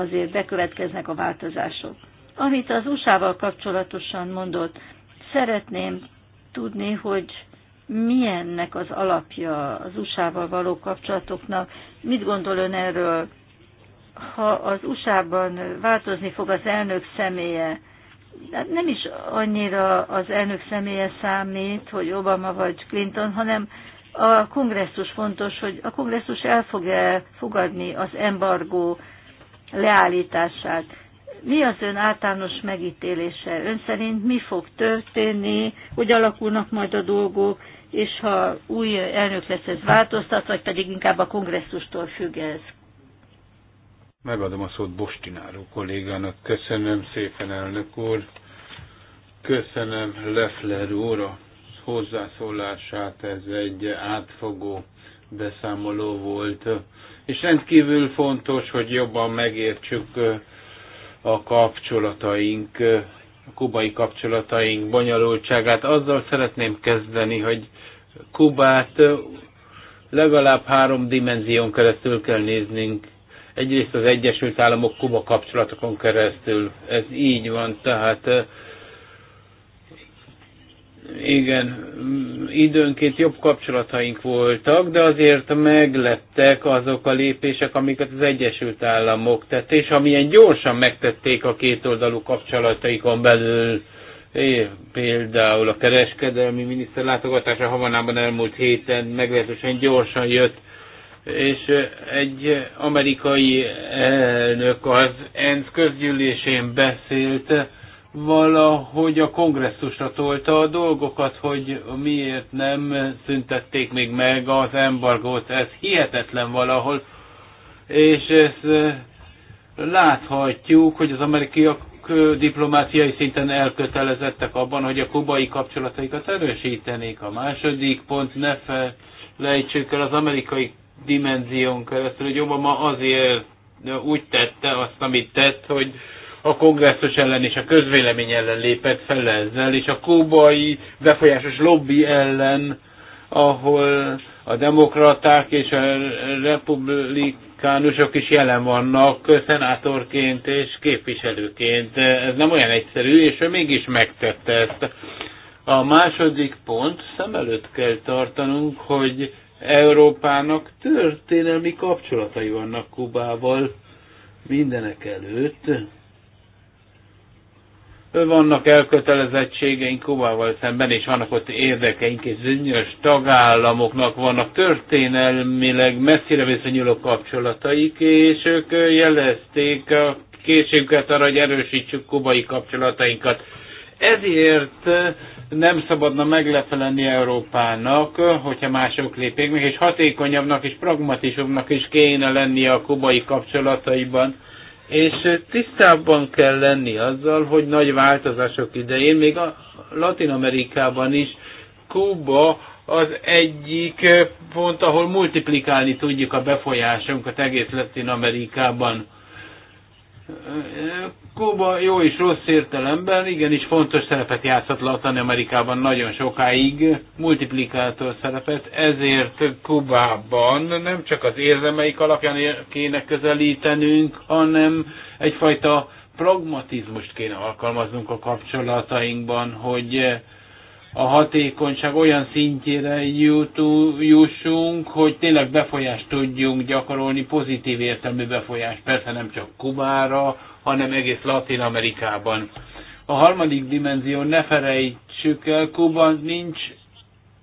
azért bekövetkeznek a változások. Amit az USA-val kapcsolatosan mondott, szeretném tudni, hogy milyennek az alapja az USA-val való kapcsolatoknak. Mit gondol ön erről? Ha az USA-ban változni fog az elnök személye, hát nem is annyira az elnök személye számít, hogy Obama vagy Clinton, hanem a kongresszus fontos, hogy a kongresszus el fog-e fogadni az embargó leállítását. Mi az ön általános megítélése? Ön szerint mi fog történni, hogy alakulnak majd a dolgok, és ha új elnök lesz ez változtat, vagy pedig inkább a kongresszustól függ ez? Megadom a szót Bostináró kollégának. Köszönöm szépen, elnök úr. Köszönöm Leffler úr a hozzászólását. Ez egy átfogó beszámoló volt és rendkívül fontos, hogy jobban megértsük a kapcsolataink, a kubai kapcsolataink bonyolultságát. Azzal szeretném kezdeni, hogy Kubát legalább három dimenzión keresztül kell néznünk. Egyrészt az Egyesült Államok-Kuba kapcsolatokon keresztül. Ez így van, tehát igen, időnként jobb kapcsolataink voltak, de azért meglettek azok a lépések, amiket az Egyesült Államok tett, és amilyen gyorsan megtették a kétoldalú kapcsolataikon belül, É, például a kereskedelmi miniszter látogatása Havanában elmúlt héten meglehetősen gyorsan jött, és egy amerikai elnök az ENSZ közgyűlésén beszélt, valahogy a kongresszusra tolta a dolgokat, hogy miért nem szüntették még meg az embargót. Ez hihetetlen valahol, és ezt eh, láthatjuk, hogy az amerikaiak eh, diplomáciai szinten elkötelezettek abban, hogy a kubai kapcsolataikat erősítenék. A második pont, ne felejtsük el az amerikai dimenzión keresztül, hogy Obama azért úgy tette azt, amit tett, hogy a kongresszus ellen és a közvélemény ellen lépett fel ezzel, és a kóbai befolyásos lobby ellen, ahol a demokraták és a republikánusok is jelen vannak szenátorként és képviselőként. Ez nem olyan egyszerű, és ő mégis megtette ezt. A második pont, szem előtt kell tartanunk, hogy Európának történelmi kapcsolatai vannak Kubával mindenek előtt vannak elkötelezettségeink Kubával szemben, és vannak ott érdekeink, és bizonyos tagállamoknak vannak történelmileg messzire viszonyuló kapcsolataik, és ők jelezték a készségüket arra, hogy erősítsük kubai kapcsolatainkat. Ezért nem szabadna meglepelenni Európának, hogyha mások lépnek, meg, és hatékonyabbnak és pragmatikusabbnak is kéne lennie a kubai kapcsolataiban és tisztában kell lenni azzal, hogy nagy változások idején, még a Latin Amerikában is, Kuba az egyik pont, ahol multiplikálni tudjuk a befolyásunkat egész Latin Amerikában Kuba jó és rossz értelemben igenis fontos szerepet játszott Latin Amerikában nagyon sokáig, multiplikátor szerepet, ezért Kubában nem csak az érzemeik alapján kéne közelítenünk, hanem egyfajta pragmatizmust kéne alkalmaznunk a kapcsolatainkban, hogy a hatékonyság olyan szintjére jussunk, hogy tényleg befolyást tudjunk gyakorolni, pozitív értelmű befolyást, persze nem csak Kubára, hanem egész Latin Amerikában. A harmadik dimenzió, ne felejtsük el, Kuba nincs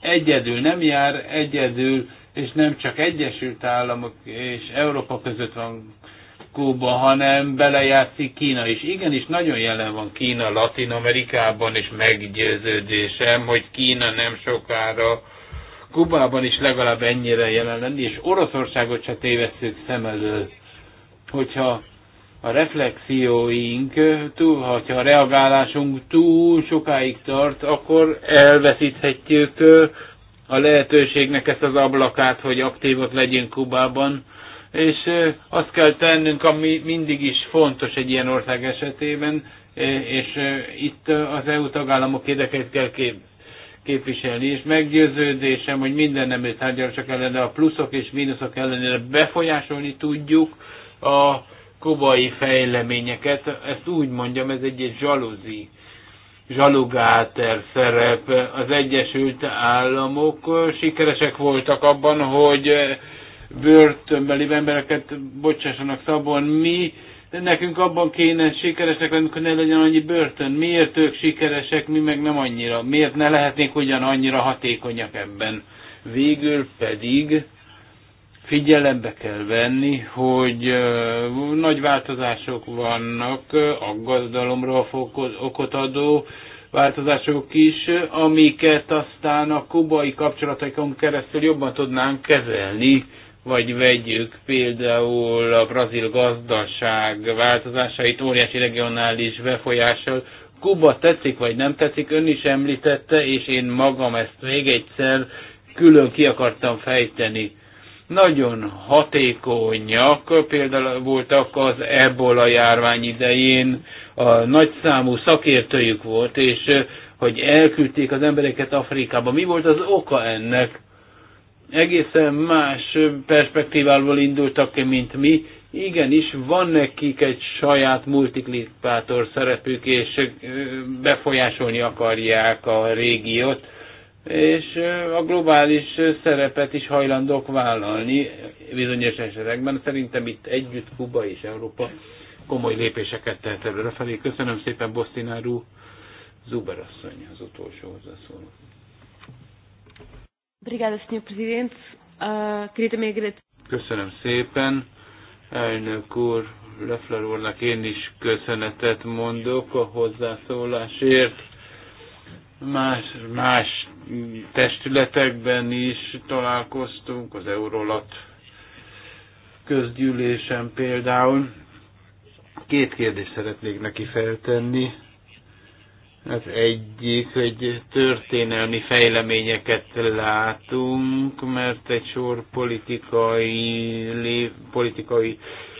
egyedül, nem jár egyedül, és nem csak Egyesült Államok és Európa között van Mexikóba, hanem belejátszik Kína is. Igenis, nagyon jelen van Kína Latin Amerikában, és meggyőződésem, hogy Kína nem sokára Kubában is legalább ennyire jelen lenni, és Oroszországot se tévesszük szem elől, hogyha a reflexióink, túl, ha a reagálásunk túl sokáig tart, akkor elveszíthetjük a lehetőségnek ezt az ablakát, hogy aktívak legyünk Kubában és azt kell tennünk, ami mindig is fontos egy ilyen ország esetében, és itt az EU tagállamok érdekeit kell kép, képviselni, és meggyőződésem, hogy minden nemű tárgyalások ellenére a pluszok és mínuszok ellenére befolyásolni tudjuk a kubai fejleményeket. Ezt úgy mondjam, ez egy, egy zsaluzi, zsalugáter szerep. Az Egyesült Államok sikeresek voltak abban, hogy börtönbeli embereket bocsássanak szabon. Mi nekünk abban kéne sikeresek lennünk, hogy ne legyen annyi börtön. Miért ők sikeresek, mi meg nem annyira? Miért ne lehetnénk ugyan annyira hatékonyak ebben? Végül pedig figyelembe kell venni, hogy nagy változások vannak, a gazdalomra okot adó változások is, amiket aztán a kubai kapcsolataikon keresztül jobban tudnánk kezelni vagy vegyük például a brazil gazdaság változásait óriási regionális befolyással. Kuba tetszik vagy nem tetszik, ön is említette, és én magam ezt még egyszer külön ki akartam fejteni. Nagyon hatékonyak, például voltak az ebola járvány idején, a nagyszámú szakértőjük volt, és eh, hogy elküldték az embereket Afrikába. Mi volt az oka ennek? egészen más perspektívából indultak ki, mint mi. Igenis, van nekik egy saját multiplikátor szerepük, és befolyásolni akarják a régiót, és a globális szerepet is hajlandók vállalni bizonyos esetekben. Szerintem itt együtt Kuba és Európa komoly lépéseket tehet előre felé. Köszönöm szépen Bosszinárú Zuberasszony az utolsó hozzászóló. Obrigada, Sr. Presidente. Uh, queria também agradecer. Köszönöm szépen, elnök úr, Leffler úrnak én is köszönetet mondok a hozzászólásért. Más, más testületekben is találkoztunk, az Eurolat közgyűlésen például. Két kérdést szeretnék neki feltenni. Az egyik, hogy történelmi fejleményeket látunk, mert egy sor politikai, politikai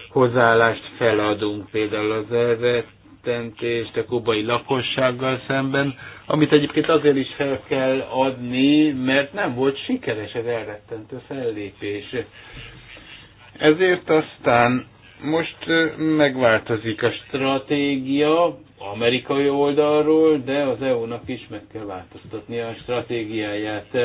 hozzáállást feladunk, például az elrettentést a kubai lakossággal szemben, amit egyébként azért is fel kell adni, mert nem volt sikeres az elrettentő fellépés. Ezért aztán most megváltozik a stratégia, amerikai oldalról, de az EU-nak is meg kell változtatnia a stratégiáját.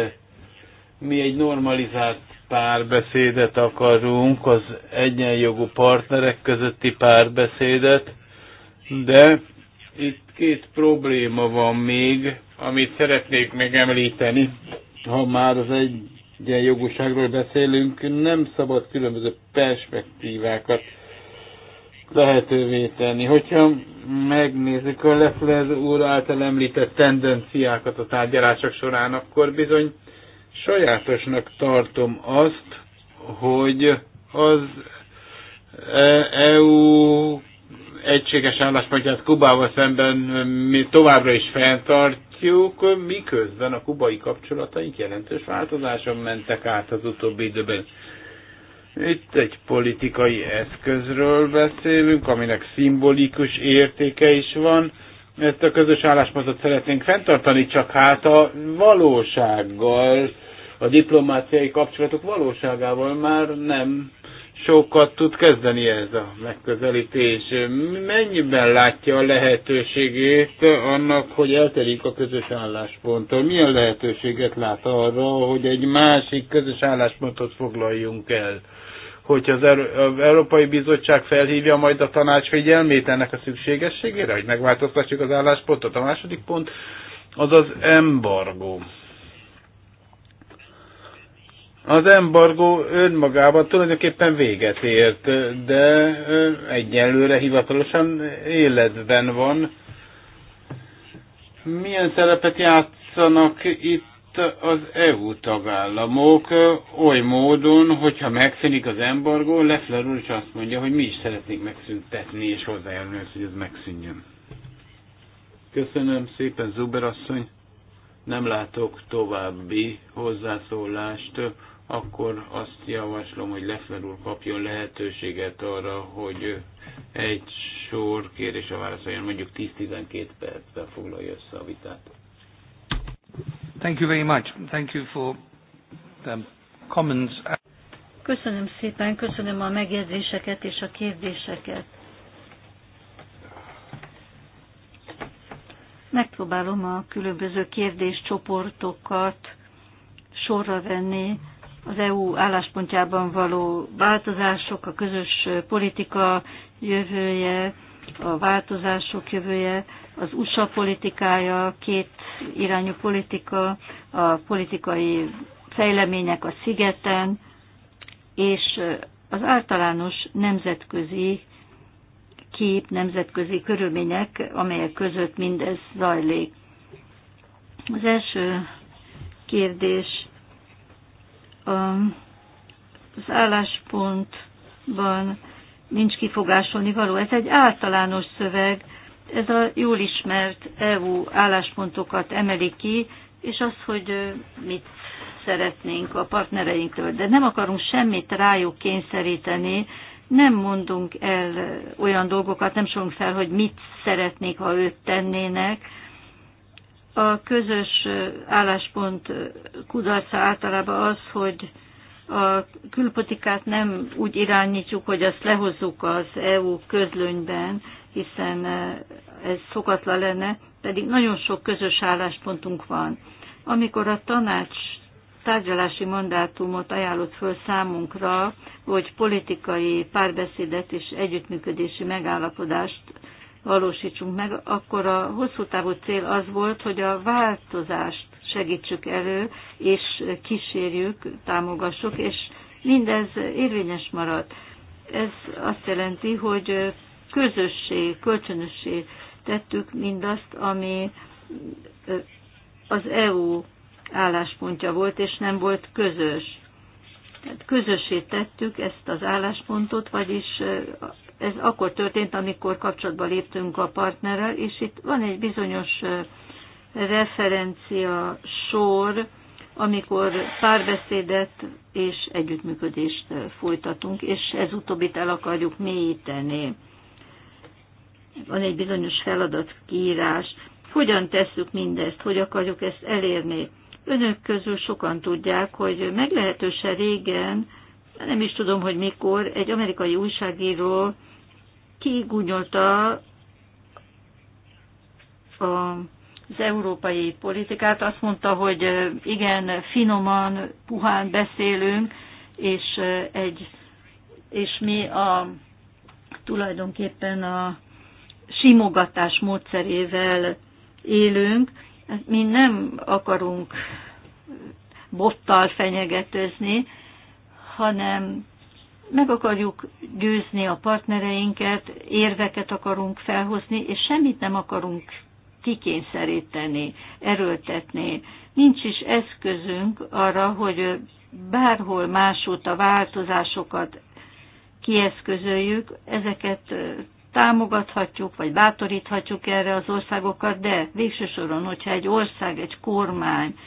Mi egy normalizált párbeszédet akarunk, az egyenjogú partnerek közötti párbeszédet, de itt két probléma van még, amit szeretnék megemlíteni. Ha már az egyenjogúságról beszélünk, nem szabad különböző perspektívákat lehetővé tenni. Hogyha megnézzük a Leffler úr által említett tendenciákat a tárgyalások során, akkor bizony sajátosnak tartom azt, hogy az EU e egységes álláspontját Kubával szemben mi továbbra is fenntartjuk, miközben a kubai kapcsolataink jelentős változáson mentek át az utóbbi időben. Itt egy politikai eszközről beszélünk, aminek szimbolikus értéke is van. Ezt a közös álláspontot szeretnénk fenntartani, csak hát a valósággal, a diplomáciai kapcsolatok valóságával már nem sokat tud kezdeni ez a megközelítés. Mennyiben látja a lehetőségét annak, hogy elterik a közös állásponttól? Milyen lehetőséget lát arra, hogy egy másik közös álláspontot foglaljunk el? hogy az Európai Bizottság felhívja majd a tanács figyelmét ennek a szükségességére, hogy megváltoztassuk az álláspontot. A második pont az az embargó. Az embargó önmagában tulajdonképpen véget ért, de egyelőre hivatalosan életben van. Milyen szerepet játszanak itt az EU tagállamok oly módon, hogyha megszűnik az embargó, Leffler úr is azt mondja, hogy mi is szeretnénk megszüntetni, és hozzájárulni, hogy ez megszűnjön. Köszönöm szépen, Zuber asszony. Nem látok további hozzászólást, akkor azt javaslom, hogy Leffler úr kapjon lehetőséget arra, hogy egy sor a válaszoljon, mondjuk 10-12 percben foglalja össze a vitát. Thank you very much. Thank you for the comments. Köszönöm szépen, köszönöm a megjegyzéseket és a kérdéseket. Megpróbálom a különböző kérdéscsoportokat sorra venni, az EU álláspontjában való változások, a közös politika jövője, a változások jövője, az USA politikája, két irányú politika, a politikai fejlemények a szigeten, és az általános nemzetközi kép, nemzetközi körülmények, amelyek között mindez zajlik. Az első kérdés az álláspontban nincs kifogásolni való. Ez egy általános szöveg, ez a jól ismert EU álláspontokat emeli ki, és az, hogy mit szeretnénk a partnereinktől, de nem akarunk semmit rájuk kényszeríteni, nem mondunk el olyan dolgokat, nem sorunk fel, hogy mit szeretnék, ha őt tennének. A közös álláspont kudarca általában az, hogy a külpolitikát nem úgy irányítjuk, hogy azt lehozzuk az EU közlönyben, hiszen eh, ez szokatlan lenne, pedig nagyon sok közös álláspontunk van. Amikor a tanács tárgyalási mandátumot ajánlott föl számunkra, hogy politikai párbeszédet és együttműködési megállapodást valósítsunk meg, akkor a hosszú távú cél az volt, hogy a változást segítsük elő, és kísérjük, támogassuk, és mindez érvényes marad. Ez azt jelenti, hogy közössé, kölcsönössé tettük mindazt, ami az EU álláspontja volt, és nem volt közös. Tehát közössé tettük ezt az álláspontot, vagyis ez akkor történt, amikor kapcsolatba léptünk a partnerrel, és itt van egy bizonyos referencia sor, amikor párbeszédet és együttműködést folytatunk, és ez utóbbit el akarjuk mélyíteni van egy bizonyos feladatkírás, hogyan tesszük mindezt, hogy akarjuk ezt elérni. Önök közül sokan tudják, hogy meglehetősen régen, nem is tudom, hogy mikor, egy amerikai újságíró kigúnyolta az európai politikát, azt mondta, hogy igen, finoman, puhán beszélünk, és, eh, egy, és mi a, tulajdonképpen a simogatás módszerével élünk. Mi nem akarunk bottal fenyegetőzni, hanem meg akarjuk győzni a partnereinket, érveket akarunk felhozni, és semmit nem akarunk kikényszeríteni, erőltetni. Nincs is eszközünk arra, hogy bárhol másút a változásokat kieszközöljük, ezeket támogathatjuk, vagy bátoríthatjuk erre az országokat, de végső soron, hogyha egy ország, egy kormány,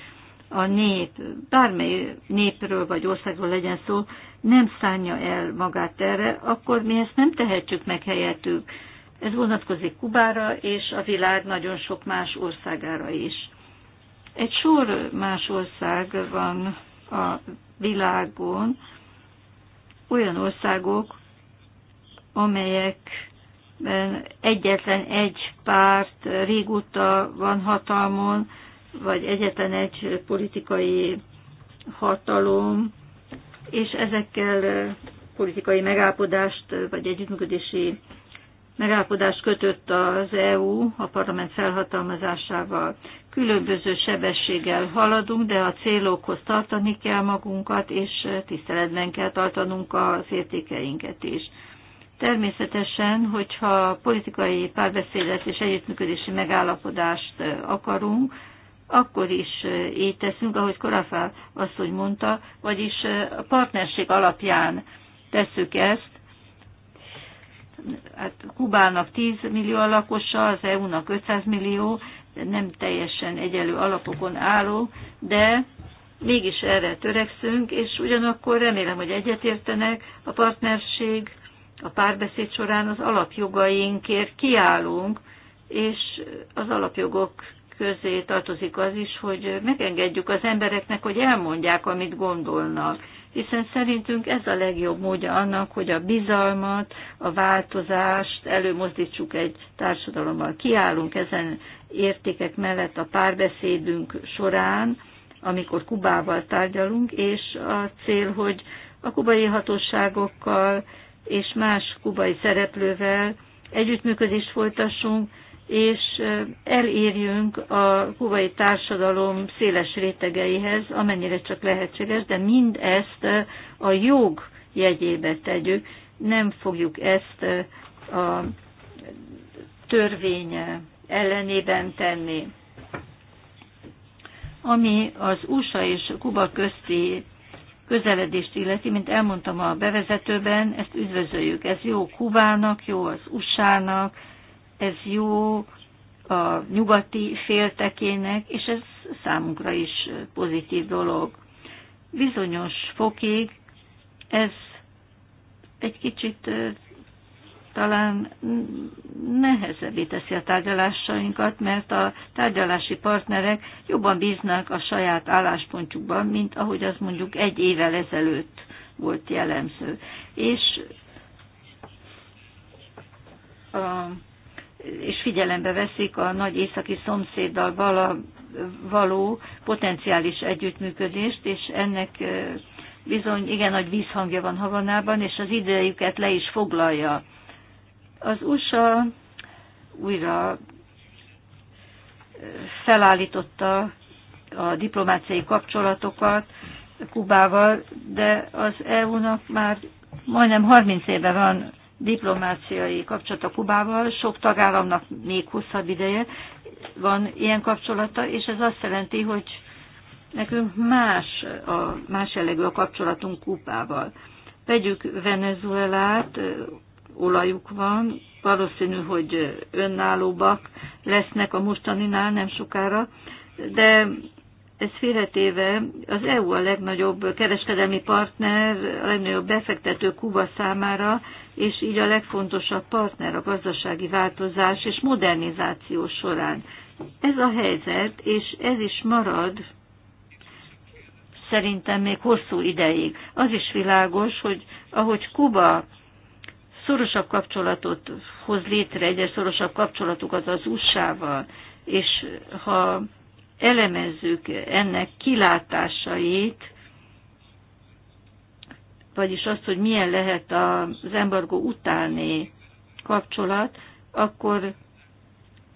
a nép, bármely népről vagy országról legyen szó, nem szánja el magát erre, akkor mi ezt nem tehetjük meg helyettük. Ez vonatkozik Kubára és a világ nagyon sok más országára is. Egy sor más ország van a világon, olyan országok, amelyek egyetlen egy párt régóta van hatalmon, vagy egyetlen egy politikai hatalom, és ezekkel politikai megállapodást, vagy együttműködési megállapodást kötött az EU a parlament felhatalmazásával. Különböző sebességgel haladunk, de a célokhoz tartani kell magunkat, és tiszteletben kell tartanunk az értékeinket is. Természetesen, hogyha politikai párbeszédet és együttműködési megállapodást akarunk, akkor is így teszünk, ahogy azt asszony mondta, vagyis a partnerség alapján tesszük ezt. Hát Kubának 10 millió a lakosa, az EU-nak 500 millió, nem teljesen egyelő alapokon álló, de mégis erre törekszünk, és ugyanakkor remélem, hogy egyetértenek, a partnerség a párbeszéd során az alapjogainkért kiállunk, és az alapjogok közé tartozik az is, hogy megengedjük az embereknek, hogy elmondják, amit gondolnak. Hiszen szerintünk ez a legjobb módja annak, hogy a bizalmat, a változást előmozdítsuk egy társadalommal. Kiállunk ezen értékek mellett a párbeszédünk során, amikor Kubával tárgyalunk, és a cél, hogy a kubai hatóságokkal és más kubai szereplővel együttműködést folytassunk, és elérjünk a kubai társadalom széles rétegeihez, amennyire csak lehetséges, de mindezt a jog jegyébe tegyük, nem fogjuk ezt a törvény ellenében tenni. Ami az USA és Kuba közti közeledést illeti, mint elmondtam a bevezetőben, ezt üdvözöljük. Ez jó Kubának, jó az USA-nak, ez jó a nyugati féltekének, és ez számunkra is pozitív dolog. Bizonyos fokig ez egy kicsit talán nehezebbé teszi a tárgyalásainkat, mert a tárgyalási partnerek jobban bíznak a saját álláspontjukban, mint ahogy az mondjuk egy évvel ezelőtt volt jellemző. És, a, és figyelembe veszik a nagy északi szomszéddal vala, való potenciális együttműködést, és ennek eh, bizony igen nagy vízhangja van Havanában, és az idejüket le is foglalja az USA újra felállította a diplomáciai kapcsolatokat Kubával, de az EU-nak már majdnem 30 éve van diplomáciai kapcsolata Kubával, sok tagállamnak még hosszabb ideje van ilyen kapcsolata, és ez azt jelenti, hogy nekünk más, a, más jellegű a kapcsolatunk Kubával. Vegyük Venezuelát, olajuk van, valószínű, hogy önállóbbak lesznek a mostaninál nem sokára, de ez félretéve az EU a legnagyobb kereskedelmi partner, a legnagyobb befektető Kuba számára, és így a legfontosabb partner a gazdasági változás és modernizáció során. Ez a helyzet, és ez is marad szerintem még hosszú ideig. Az is világos, hogy ahogy Kuba szorosabb kapcsolatot hoz létre, egyre szorosabb kapcsolatukat az USA-val, és ha elemezzük ennek kilátásait, vagyis azt, hogy milyen lehet az embargó utáni kapcsolat, akkor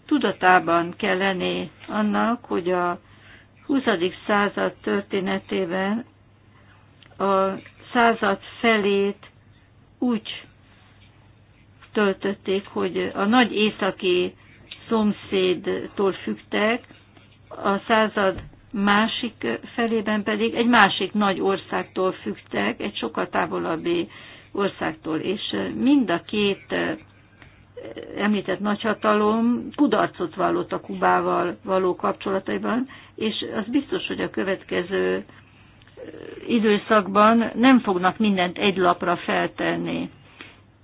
tudatában kell lenni annak, hogy a 20. század történetében a század felét úgy töltötték, hogy a nagy északi szomszédtól fügtek, a század másik felében pedig egy másik nagy országtól fügtek, egy sokkal távolabbi országtól. És mind a két említett nagyhatalom kudarcot vallott a Kubával való kapcsolataiban, és az biztos, hogy a következő időszakban nem fognak mindent egy lapra feltenni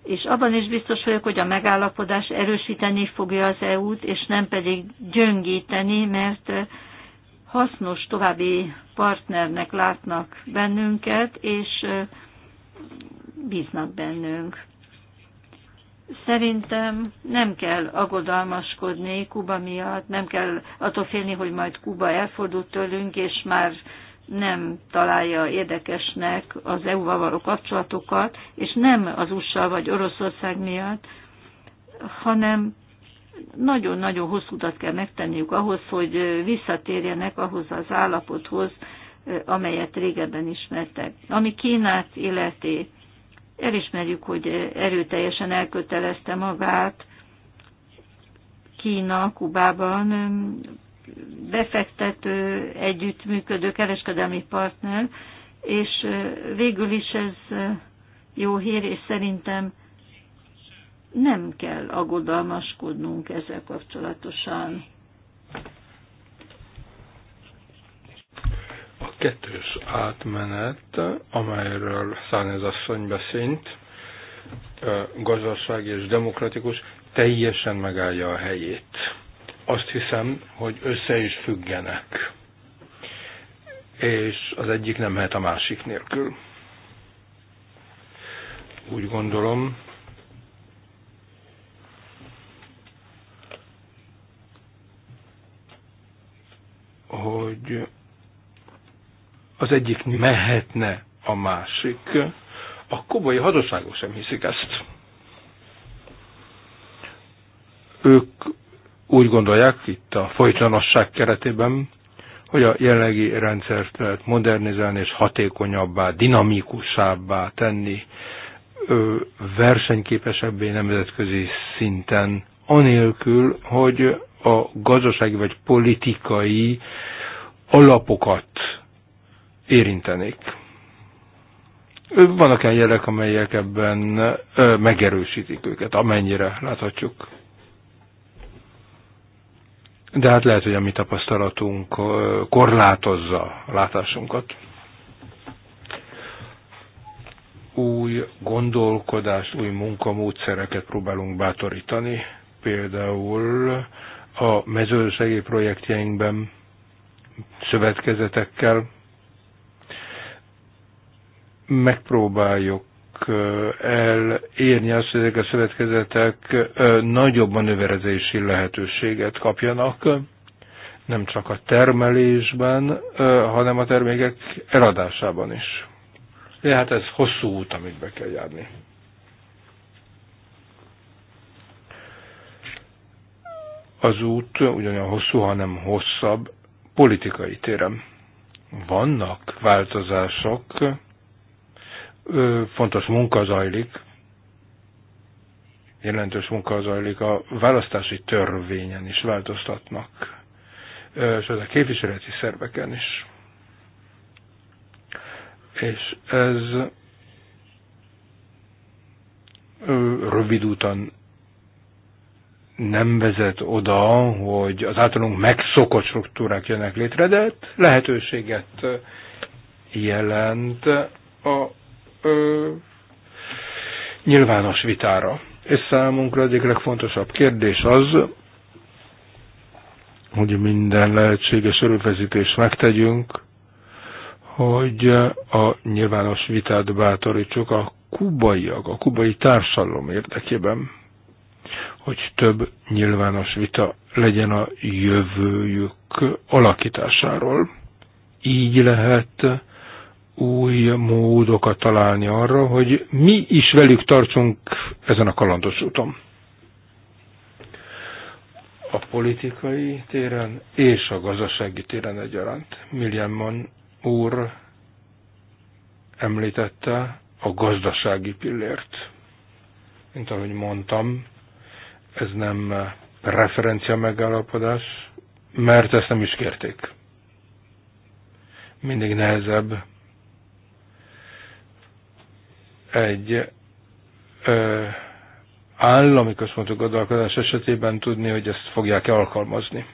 és abban is biztos vagyok, hogy a megállapodás erősíteni fogja az EU-t, és nem pedig gyöngíteni, mert eh, hasznos további partnernek látnak bennünket, és eh, bíznak bennünk. Szerintem nem kell agodalmaskodni Kuba miatt, nem kell attól félni, hogy majd Kuba elfordult tőlünk, és már nem találja érdekesnek az EU-val való kapcsolatokat, és nem az USA vagy Oroszország miatt, hanem nagyon-nagyon hosszú utat kell megtenniük ahhoz, hogy visszatérjenek ahhoz az állapothoz, amelyet régebben ismertek. Ami Kínát illeti, elismerjük, hogy erőteljesen elkötelezte magát Kína, Kubában befektető, együttműködő kereskedelmi partner, és végül is ez jó hír, és szerintem nem kell aggodalmaskodnunk ezzel kapcsolatosan. A kettős átmenet, amelyről Szárnyez asszony beszélt, gazdaság és demokratikus, teljesen megállja a helyét azt hiszem, hogy össze is függenek, és az egyik nem lehet a másik nélkül. Úgy gondolom, hogy az egyik mehetne a másik, a kobai hadosságok sem hiszik ezt. Ők úgy gondolják, itt a folytonosság keretében, hogy a jelenlegi rendszert lehet modernizálni és hatékonyabbá, dinamikusabbá tenni, versenyképesebbé nemzetközi szinten, anélkül, hogy a gazdasági vagy politikai alapokat érintenék. Vannak olyan jelek, amelyek ebben megerősítik őket, amennyire láthatjuk de hát lehet, hogy a mi tapasztalatunk korlátozza a látásunkat. Új gondolkodást, új munkamódszereket próbálunk bátorítani, például a mezőségi projektjeinkben szövetkezetekkel megpróbáljuk elérni azt, hogy ezek a szövetkezetek nagyobb manőverezési lehetőséget kapjanak, nem csak a termelésben, hanem a termékek eladásában is. De hát ez hosszú út, amit be kell járni. Az út ugyanolyan hosszú, hanem hosszabb politikai téren. Vannak változások, fontos munka zajlik, jelentős munka zajlik, a választási törvényen is változtatnak, és a képviseleti szerveken is. És ez rövid úton nem vezet oda, hogy az általunk megszokott struktúrák jönnek létre, de lehetőséget jelent a ö, nyilvános vitára. És számunkra egyik legfontosabb kérdés az, hogy minden lehetséges erőfeszítést megtegyünk, hogy a nyilvános vitát bátorítsuk a kubaiak, a kubai társadalom érdekében, hogy több nyilvános vita legyen a jövőjük alakításáról. Így lehet új módokat találni arra, hogy mi is velük tartsunk ezen a kalandos úton. A politikai téren és a gazdasági téren egyaránt. Milliamon úr említette a gazdasági pillért. Mint ahogy mondtam, ez nem referencia megállapodás, mert ezt nem is kérték. Mindig nehezebb egy ö, állami központú gondolkodás esetében tudni, hogy ezt fogják-e alkalmazni.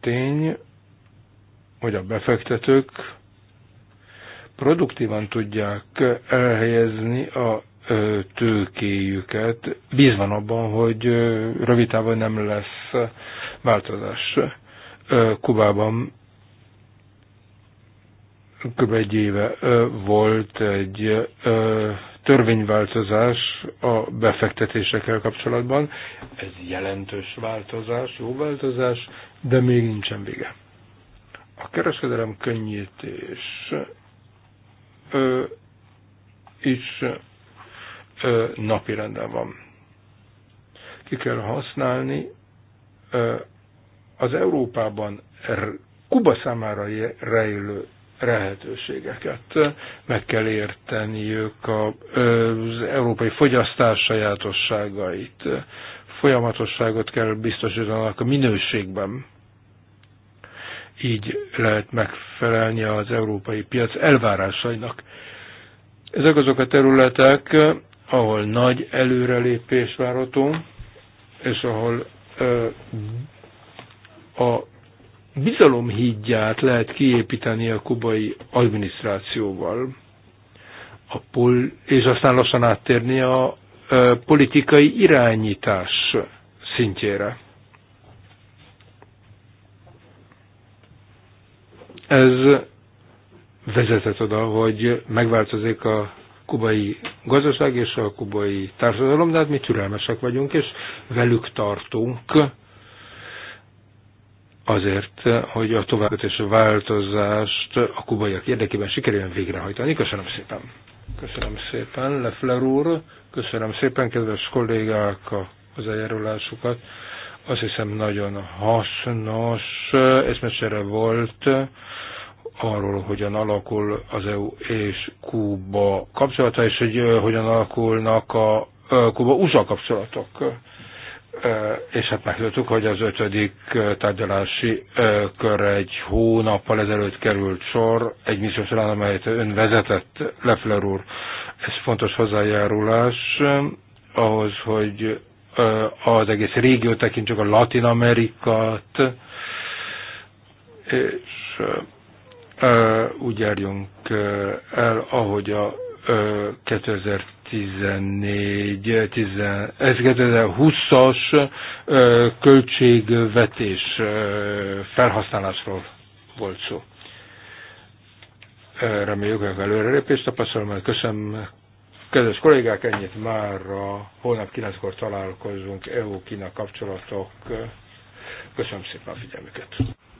Tény, hogy a befektetők produktívan tudják elhelyezni a tőkéjüket, bízva abban, hogy rövid távon nem lesz változás. Kubában kb. egy éve volt egy törvényváltozás a befektetésekkel kapcsolatban. Ez jelentős változás, jó változás, de még nincsen vége. A kereskedelem könnyítés is napi renden van. Ki kell használni az Európában Kuba számára rejlő lehetőségeket. Meg kell érteniük az európai fogyasztás sajátosságait. Folyamatosságot kell biztosítanak a minőségben. Így lehet megfelelni az európai piac elvárásainak. Ezek azok a területek, ahol nagy előrelépés várható, és ahol a bizalom lehet kiépíteni a kubai adminisztrációval, a pol- és aztán lassan áttérni a politikai irányítás szintjére. Ez vezetett oda, hogy megváltozik a kubai gazdaság és a kubai társadalom, de hát mi türelmesek vagyunk, és velük tartunk azért, hogy a továbbkötés változást a kubaiak érdekében sikerüljön végrehajtani. Köszönöm szépen. Köszönöm szépen, Lefler úr. Köszönöm szépen, kedves kollégák, a hozzájárulásukat. Azt hiszem nagyon hasznos eszmesere volt arról, hogyan alakul az EU és Kuba kapcsolata, és hogy eh, hogyan alakulnak a eh, Kuba-USA kapcsolatok és hát megtudtuk, hogy az ötödik tárgyalási kör egy hónappal ezelőtt került sor, egy misszió során, amelyet ön vezetett, Leffler úr. Ez fontos hozzájárulás ahhoz, hogy az egész régió tekintsük a Latin Amerikát, és úgy járjunk el, ahogy a 2000 14, ez 2020-as költségvetés felhasználásról volt szó. Reméljük, hogy lépést tapasztalom, mert köszönöm. Kedves kollégák, ennyit már e a holnap 9-kor találkozunk EU-Kína kapcsolatok. Köszönöm szépen a figyelmüket.